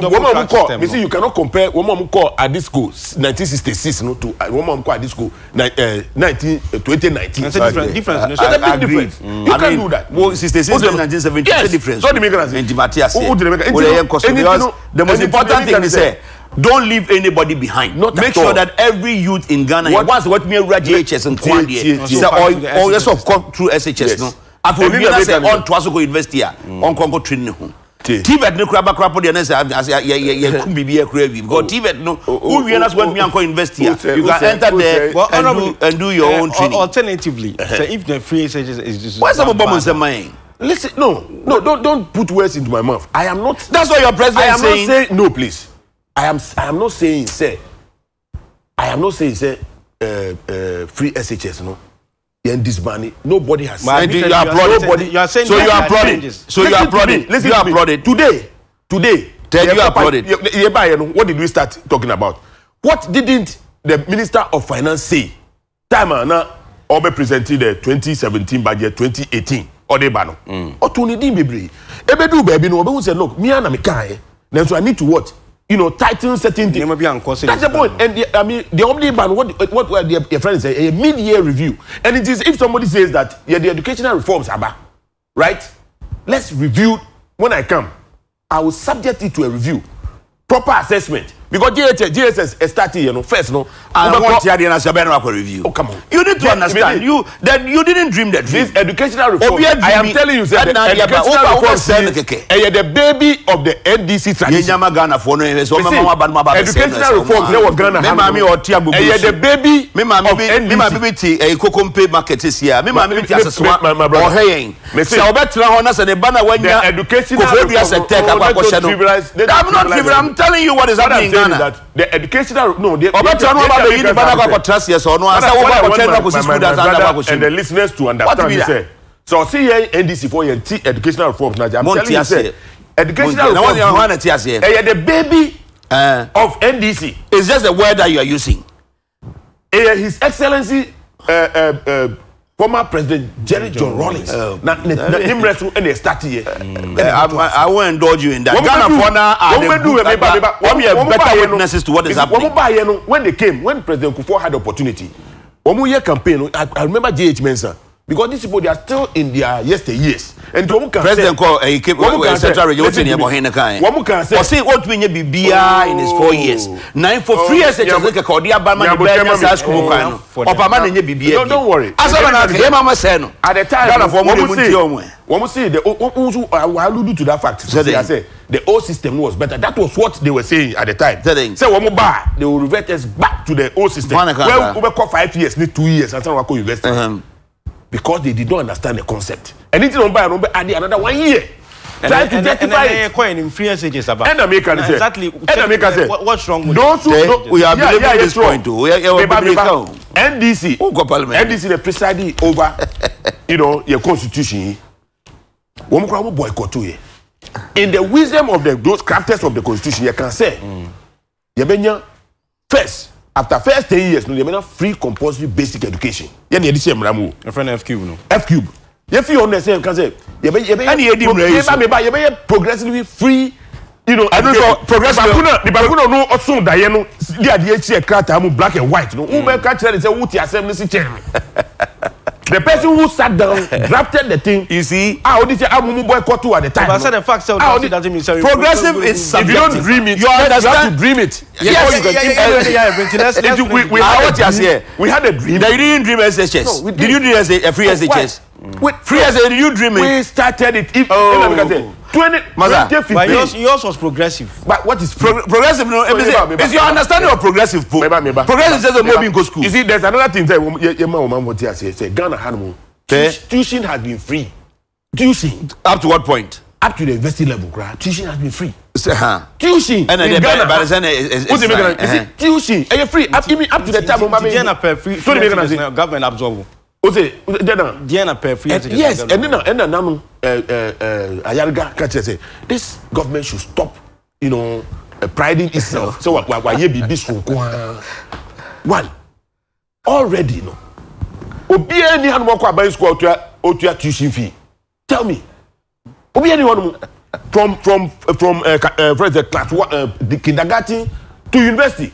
double track system no wɔn a wɔn kɔ you cannot compare wɔn a wɔn kɔ adi school nineteen sixty six no to uh, wɔn a wɔn kɔ adi school eh, nineteen eh, twenty nineteen. that's a different difference. that's a big difference mm. you can do that. wo sixty six to nineteen seventy yes so the migrants ntibati ase o de yɛ kɔsɔ because the most important thing is say don't leave anybody behind. Not Make sure that every youth in Ghana what, once what me graduate GHS and Kwandie. So all all of come through SHS yes. no afei obi na sɛ ɔntoa so kɔ university a mm. ɔnkɔ nkɔ train ne ho tibet ne kura bakura po deɛ ne sɛ yɛkum biribi akura awi because oh. tibet no oh, oh, Who wowie no so woatumi ankɔ university a you can enter there and do, and do your eh, own training alternatively eh, eh. say if the free research is why sɛ mobɔ mo nsɛm ma yɛn Listen, no, no, don't don't put words into my mouth. I am not. That's what your president is saying. I am saying, not saying. No, please. I am. I am not saying. Say. I am not saying. Say. Uh, uh, free SHS. No then this money, Nobody has. My dear, you applauded. Nobody. You are saying so you applauded. So you applauded. Listen you applauded today. Today, tell you applauded. What did we start talking about? What didn't the Minister of Finance say? Time now, Obe presented the 2017 budget, 2018. Ọdẹ ìbànú. Ọtún ni dín bèbèrè. Ebedu bẹ̀ẹ̀bi ni wọ́n bẹ́ẹ̀ wọ́n sẹ́ look, Me àná mi kàn yẹn. Then so I need to what? you know, tighten certain things. That's the point. And the, I mean, the omniban, what what, what their, their friend said, a mid-year review. And it is if somebody says that yeah, the educational reforms are bad, right? Let's review when I come. I will subject it to a review, proper assessment because GHS GHS is starting you know first no. and one tier dey na sɛ bɛn na wakɔ review. oh come on you need to yeah, understand really? you that you didn't dream that dream. this educational reform i am telling you say the educational reform say eh, ɛyɛ the baby of the ndc tradition. yẹn nyama ghana fɔ n'o ye sɛ ɔmɛ maa ba ni maa ba bɛ sɛ ɛnɛ sɛ maa educational reform ne wɔ ghana hàn mi ɔti agbogbo ɛyɛ the baby of ndc. mi maa mi bi ti ɛyi eh, kokompe market si ya mi maa mi bi ti asesuma ɔhɛ yɛn sɛ ɔbɛ tena hɔ n'asɛ ne ba na wɛnya kofoduasɛ tɛ kakɔ akɔhyɛ no i'm not trivial i'm telling you what is happening. Ghana. that the educational no the. ọbẹ tí wọn bá bẹ yí ni bá dàgbà kọ trust yẹ sọ ọ náà sáwọ bá kọ tẹ́lẹ̀ kò sí school dance and dàgbà kò sí. and the listeners to understand me sẹ sọ sí yẹn ndc fọ yẹn ti educational reforms na jẹ i'm telling you sẹ educational reforms na wọn ti àṣẹ. ẹ yẹ the baby uh-huh. of ndc. it's just the word that you are using. ẹ eh, yẹ his excellency. Uh, uh, uh, former president jerry john rawlings na na him wrestle ẹni ẹ start mm. mm. yẹ. i won't indulge you in that ghana for now are ah, the good at we eh, wọ́n better witnesses to what is happening. wọ́n bá yẹn no when they came when president kufuor had the opportunity wọ́n yẹ campaign no i remember jh mensah because these people they are still in their yesteryears and wɔn kan sɛ president kɔ ɛyi cape wɔn kan sɛ central region wotin yɛ bɔ hin kan yɛ wɔn kan sɛ ɔsi otumi nye bibiya in his eh? oh. four years na for three years ɛkyɛ sɛ kɛkɛ ɔdi abama ni bɛɛ nyɛ saa sukuu kwan no ɔpama na nye bibiya bi asɔrɔ na kɛ yɛma ma sɛ no at the time ghana fɔ ɔmu de mu ti ɔmu the allude to that fact so say say the old system was better that was what they were saying at the time say wɔn ba they will revert us back to the old system where we were call five years ni two years and some were call university because they did not understand the concept anything on buy a number, add another one year. try to justify it. coin in free messages about. ẹnna exactly what's wrong with those who no we are believing yeah, yeah, this point o ndc ndc dey preside over you know, your constitution yi wọn mu kura wọn boycott o yẹ in the wisdom of the those crafters of the constitution yẹ kan sẹ hmm. yẹ bẹ nya first after first ten years no yɛ mena free compulsory basic education yɛ ni yɛ di se mura mu o. ɛfɛ na f cube no. f cube yɛ fi ɔn na ɛsɛ nkan sɛ yɛ bɛ yɛ bɛ ɛni yɛ di mura yi progressively free you know ẹnu sọ progressive nipa kuna nipa kuna ọnu ọsùn dayẹ nu di adiẹ kyerẹ black and white nu wúbẹ ká kyerẹ ni say, wú ti asẹm ní sí kyẹn the person who sat down drafted the thing. you see. ah odi say amumu boycott two at the time. but i said the fact say o don that thing mean say progressive is subjective. if you don't dream it you, you have to dream it yes, yes, yes, yes, yes, yes, yes, yes, we, we I had ah, what you say. We had a dream. That you didn't dream SHS. No, did. did you dream as a, a free SHS? Mm. Wait, free as a, did you dream it? We started it. If, oh. if I can say, 20, 2015. But yours, yours was progressive. But what is pro progressive? No, so, meba, meba, it's your understanding of progressive. Meba, meba, progressive says a mobbing go school. You see, there's another thing that Yema Oman Motia says. Ghana Hanmo. Tuition has been free. Tuition. Up to what point? up to the university level kura tuition has been free. Uh-huh. tuition in Ghana wọ́n ti make na tuition ẹ yẹ free up, even up to the time ọba mi so de make na se government absorb. o se jẹna jẹna pẹ free eh, education. yes ẹni na ẹni na nanu ayariga kankyere say this government should stop you know, uh, priding itself sẹ wa wa ye bibi sunkun ha ah. one already no obiara ni hanu ọkọ aban school otua otua tuition fee tell me obi yɛ ni hɔ nom from from from for example class one the kindergarten to university.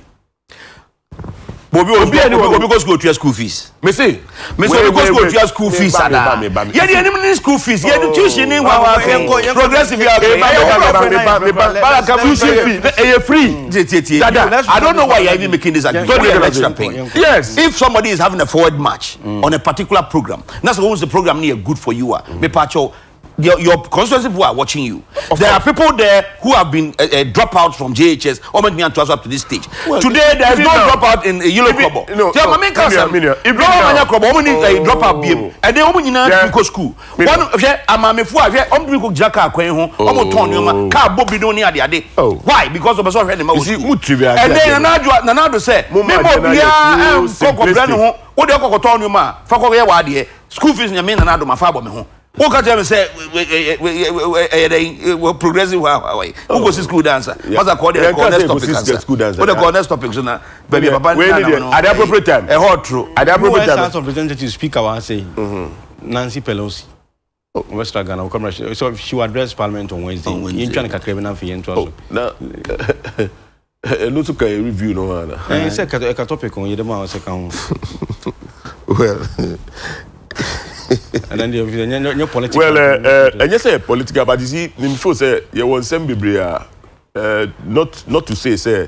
obi obi obi obi go school tuya school fees. me say me say obi go school tuya school fees ada yẹ di enim ni school fees yẹ di tuition ni wa wa fẹ progressive ya fẹ bala ka tuition fee e ye free dada i don't know why you are even making this argument why you are extra paying yes if somebody is having a forward match mm. on a particular program na so once the program ni ye good for you ah me pa cho your, your constituency people are watching you. Of there course. are people there who have been uh, eh, uh, eh, dropouts from JHS or many and up to this stage. Well, Today there is no dropout in uh, Yellow Club. No, there are many classes. No, many club. How many drop out BM? And they only need to school. One, yeah, I'm a mefu. Yeah, I'm doing cook jacka go hon. I'm a ton yoma. Car Bobby don't need adi adi. Why? Because of a sort of animal. You see, mutrivia. And then Nanadu, Nanadu say, "Mebo biya, koko brand hon. Odi koko ton yoma. Fakoko ye wadiye. School fees ni mimi Nanadu mafa bo me hon." wọn ka tẹ mi sẹ ẹyẹ dẹ wọ progressive wa wa yi wọn kò si school dancer masa kọ de kọ next topic ansa o de kọ next topic so na bẹẹbi papa n ta na no at the appropriate time ẹ hɔ turo at the appropriate time. house of representatives speaker wa say mm-hmm. nancy pelosi oh. western ghana comrade so she will address parliament on wednesday yẹn twa ni kakra bi n'afẹ yẹn twa so. ɛno so ka yɛ review no ana sɛ ɛka topic ho yɛde ma a sɛ ka ho well and then you know, your politics. Well, uh, uh, and yes, political, but you see, before say you want some biblia. Uh, not not to say say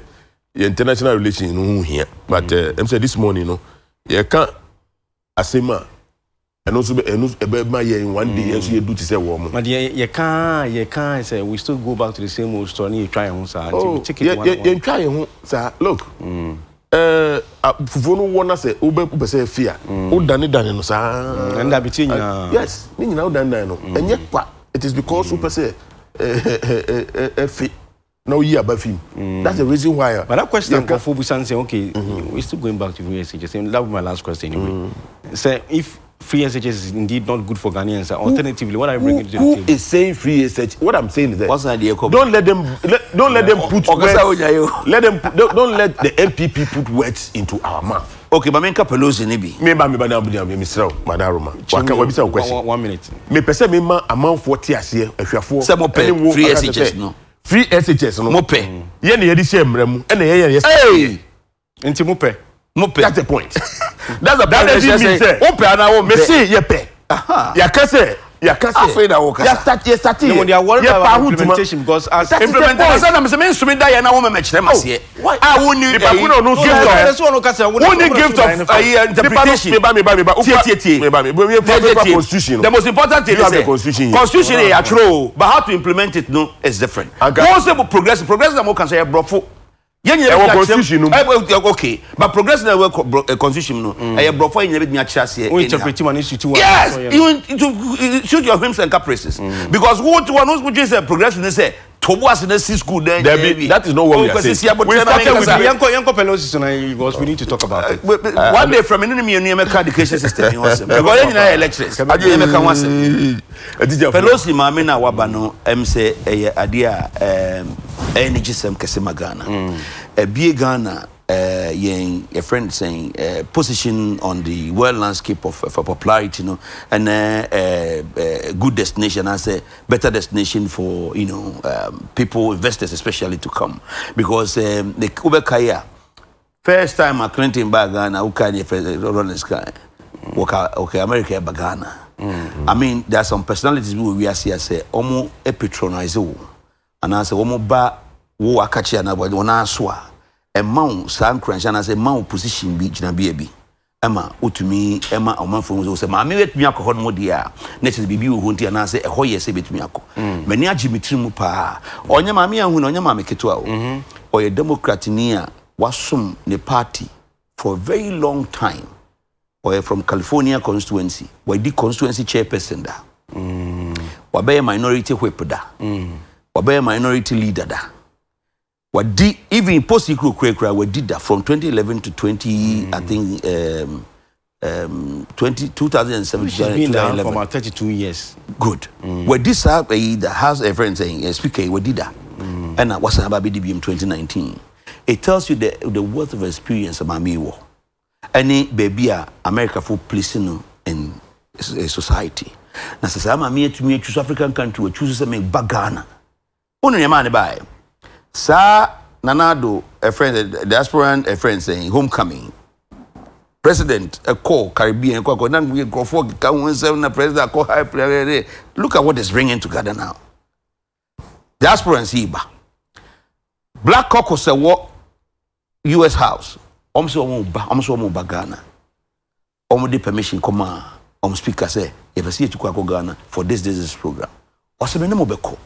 your international relations you know here, but uh, mm. uh, I'm say this morning you know you can't asema and also and also ebe ma here in one day and mm. so you do to say warm. But yeah, you can't you can't say we still go back to the same old story. You try and say oh, you take it yeah, one. Yeah, you try and say look. Mm. Eh, ah, fufuo no wɔ na sɛ wobɛ wopɛ sɛ fi a mm. wodane dane no saa mm, ɛnda bi tie nyinaa ah, yes ne nyinaa wodane dane no mm. ɛnyɛ kwa it is because wopɛ sɛ ɛfi eh, eh, na oyi aba fi mu that's the reason why. Ah, but that question nkɔfo busa n okay mhm. we still going back to Just say that be my last question anyway Say if free SH is indeed not good for Ghanaians. Who, Alternatively, what I bring who, to the who table. Who is saying free SH? What I'm saying is that What's idea, don't let them let, don't let them put words, let them don't, don't let the MPP put words into our mouth. Okay, but menka Pelosi ni bi. Me ba me ba na bunya me misra madam Roma. we be bisa question. One minute. Me pese me ma amanfo te ase ahwafo. Se mo pe free SHS no. Free SHS no. Mo pe. Mm. Ye na ye di share mrem. E na ye ye yes. Hey. Enti mo pe. Mo pe. That's the point. that's the problem she say o pɛ ana o pɛ mesi yɛ pɛ yaka sɛ yaka sɛ afei na o kasa yɛ start yɛ start yɛ yɛ pa ahu tuma implementation sɛ na mesi mi nsumi da yɛ na wɔn mɛ kyerɛ ma seɛ a wo ni nipa kun na onu gift of wo ni gift of ayi interpretation nipa mi ba mi ba tie tie tie mi ba mi bo mi pa paper constitution the most important thing is say constitution yɛ atwere o but how to implement it no is different wɔn sɛ progress progress na mo kan sɛ yɛ borɔfo yẹn nyina ɛwɔ constitution nu ɛwɔ ok but progress na ɛwɔ constitution nu ɛyɛ burɔfo yɛn nyina bi nyina kyerɛ aseɛ ɛnna o interpreti ma ne suit wa yes you to suit your whims and caprices because wo ti wa no suit you sɛ progressive ni sɛ tobu ase na si school den jɛ bi that is not what oh, we are saying we started with yanko yanko pelosi so na because we need to talk about uh, it. Uh, one day from enu ni mienu education system yi wɔn because yɛn nyinaa yɛ lecturers adi yɛ mɛka wɔn sɛm pelosi maame na waba no ɛm sɛ ɛyɛ adeɛ a ɛyɛ ne gyi sɛm ma ghana ɛbie mm. eh, ghana. Uh, a friend saying uh, position on the world landscape of for popularity and a uh, uh, good destination a better destination for you know um, people investors especially to come because um, the Uber yi first time I clinton baa ghana woka ne rollins ka wɔka america ɛba Mm -hmm. I mean, there are some personalities we are see say omo patronize wo, and I say omo ba wo akachi na wo na aswa. ɛma wo saa nkuranhyɛ anaasɛ ma wo position bi gyina bia bi ɛma wotumi ɛma ɔmanfoɔ mu sɛ sɛ maame bɛtumi akɔ hɔ no deɛ a na kyerɛ sɛ biribi wɔ hɔ nti anaasɛ ɛhɔ yɛ sɛ bɛtumi akɔ mm. m'ani agye me tiri mu paa ɔnyɛ maame ahu no ɔnyɛ maame ketewa o mhm. ɔyɛ democratni a wasom ne party for a very long time ɔyɛ from california constituency wadi constituency chairperson da mm. wabɛyɛ minority whip da mm. wabɛyɛ minority leader da wadi even post kuro kura kura wadi da from 2011 to 20 mm. i think um, um, 20, 2007 She's been around for about 32 years. Good. Mm. Wadi saa ayi da house. a eh, friend saying eh, uh, eh, speaker wadi da mm. And wasan aba bi di 2019 it tells you the the worth of experience maame wɔ war. Any baby, uh, america for place no uh, in uh, society na sɛ saa me to me choose african country wɔatwi choose sɛ meba ghana wonu nneɛma ne baeɛ saa nanado a friend, ɛfrɛ diaspora friend saying homecoming president a ɛkɔ caribbean ɛkɔ akɔ na nkurɔfoɔ keka ho nsɛm na president akɔ high player eh, eh. look at what is bringing together now diaspora nsi ba black caucus a ɛwɔ us house wɔn sɛ wɔn ba wɔn sɛ wɔn ba ghana wɔn de permission kɔma wɔn speaker sɛ yɛpɛ sɛ yɛtukɔ akɔ ghana for this this this program ɔsɛ mo bɛ kɔ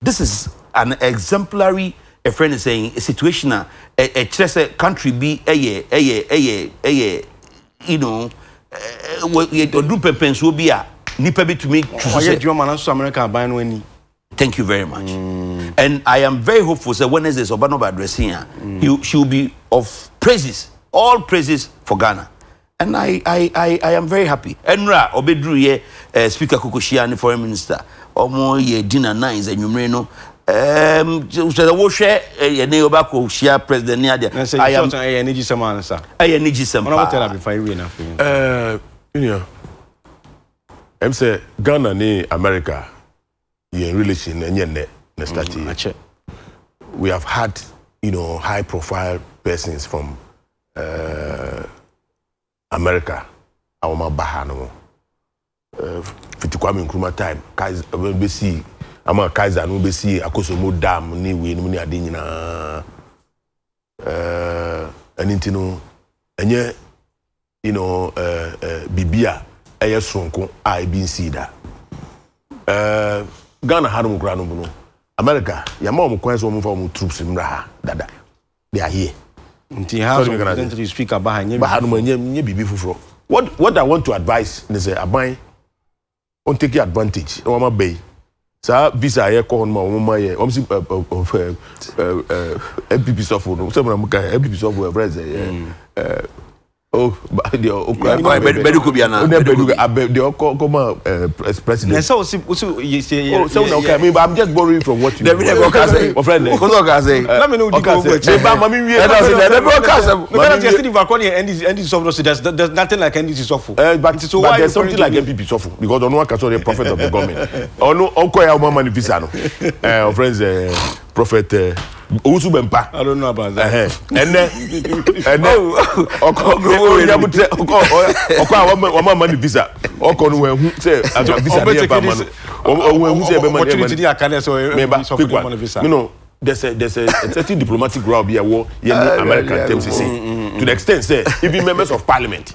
this is an exemplary ɛfrɛ no sɛ situation a ɛkyerɛ a country be ɛyɛ ɛyɛ ɛyɛ ɛyɛ you know ɔduru pɛmpɛnsoɔ bi a nipa bi tumi tusu sɛ ɔyɛ diɔma na nso america aban no Thank you very much. Mm. And I am very hopeful that Wednesday is Obanoba addressing her. Mm. He, she will be of praises, all praises for Ghana. And I, I, I, I am very happy. Enra Obedru ye eh, Speaker Kukushia, the Foreign Minister. Omo ye dinner nines and you know sɛ wohwɛ ɛyɛ ne wobɛkɔ hyia president ne adeɛ ɛyɛ ne gyisɛm ansa ɛyɛ ne gyisɛm paanua ɛm sɛ ghana ne america yɛn relation ɛnyɛ nnɛ ne starte mm, we have had you know, high profile persons from uh, america a wɔmaba ha no eh, mu time, fitikwame nkruma time bɛsii ama kaiser no bɛsi akosomo dam ne wei nom ne ade nyinaa ɛno nti no ɛnyɛ you know, uh, eh, uh, eh, biribi a ɛyɛ sonko a ebi nsii da eh, ghana ha nom kora no mu no america yɛma wɔn kwan sɛ wɔn fa wɔn troops mmra ha dada they are here. nti ha so president you speak aba ha nye bibi foforɔ nye bibi foforɔ what what i want to advise ne sɛ aban on take advantage na wɔn ama bɛyi saa visa yɛ kɔ hɔnom a wɔn ma yɛ wɔn si ɛ ɛ ɛ ɛ npp sɔfo no sɛbɛn na mo ka yɛ npp sɔfo yɛ brɛ sɛ yɛ ɛ o oh, deɛ okura oh, kɔ bɛ bɛ duku bi yan na bɛ duku abɛ deɛ ɔkɔ kɔma ɛɛ president. ɛsɛ o si o si ye se ye. Oh, o sɛwọn na ɔkà mi but i'm just borrowing from what you. dɛbi dɛbi ɔkà sɛ o fɛn dɛ. kɔsɔ ɔkà sɛ. lamini o di ko gbɛ cɛ. ɛba mami wiye. ɛna sɛ dɛbi ɔkà sɛ. mɛ kɛra sidi vakɔ ni ndc ndc sɔfo so there's there's nothing like ndc sɔfo. ɛɛ but but there's something like npp sɔfo because ɔnu wa kasɔ de prophet of the government ɔnu ɔkɔ ya ɔmɔ manifisa no ɛɛ eh, friends ɛɛ. Eh, prophet eh, owusu bɛ npa ɛnɛ ɛnɛ ɔkɔ ɔkɔ ɔkɔ ɔmɔ ama ni visa ɔkɔ ni wɔn ɛhu sɛ aga visa ni yɛ ba ma no wɔn ɛhu sɛ ɛbɛ ma ni yɛ ma no mɛba quick one you know there's a there's a, a certain diplomatic row bi ɛwɔ yɛn ni american terms sisi mm, mm, mm. to the extent sɛ even members of parliament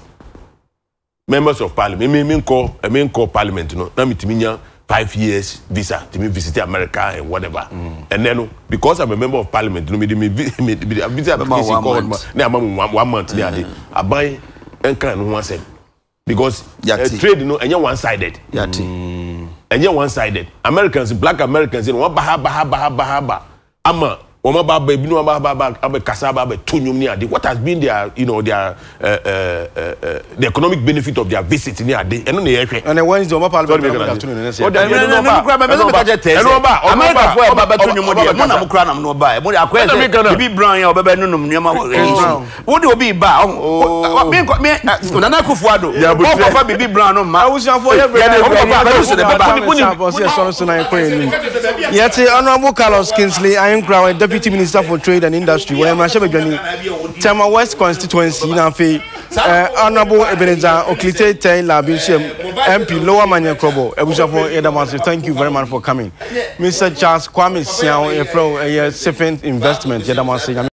members of parliament mi mi nkɔ mi nkɔ parliament no na mi ti mi nya five years visa to me visit America and whatever. Mm. And then because I'm a member of parliament, no me me me visa application called ma na one one month there dey. Aban enka no one say. Because uh, trade no you're one sided. Yati. Mm. Enye one sided. Americans black Americans you know, baha baha baha baha baha. Ama wɔn aba abɛ ebinom aba aba abɛ kasa aba abɛ to nnwom ne ade what has been their you know their uh, uh, uh, the economic benefit of their visit ne ade ɛno na yɛhwɛ. ɛnna wɔn nzi ɔmɔ paali bɛ tɛmɛ ka tunu ne nɛsɛ. ɔdɛ ɛnu ɔba ɛnu ɔba ɛnu ɔba amerikafo yɛ bɛ to nnwom deɛ mu na mu kura na mu na ɔba yɛ mu de akɔ yɛ sɛ bibi brown yɛ ɔbɛbɛ nunum nneɛma wɔ ɛyi so wo de obi ba ɔn nana kufu ado wɔn kɔfa bibi brown no ma yɛti honourable carlos kingsley ayinkura deputy minister for trade and industry wɔ ɛma ahyɛbadwani tɛma west constituency na afei ɛɛ eh, honourable ebenezer okilite tɛn labi nhyɛm mp lower manya Krobo, abusuafo yɛdam ase thank you very much for coming mr charles kwame sian yɛfrɛ wo ɛyɛ sefin investment yɛdam ase.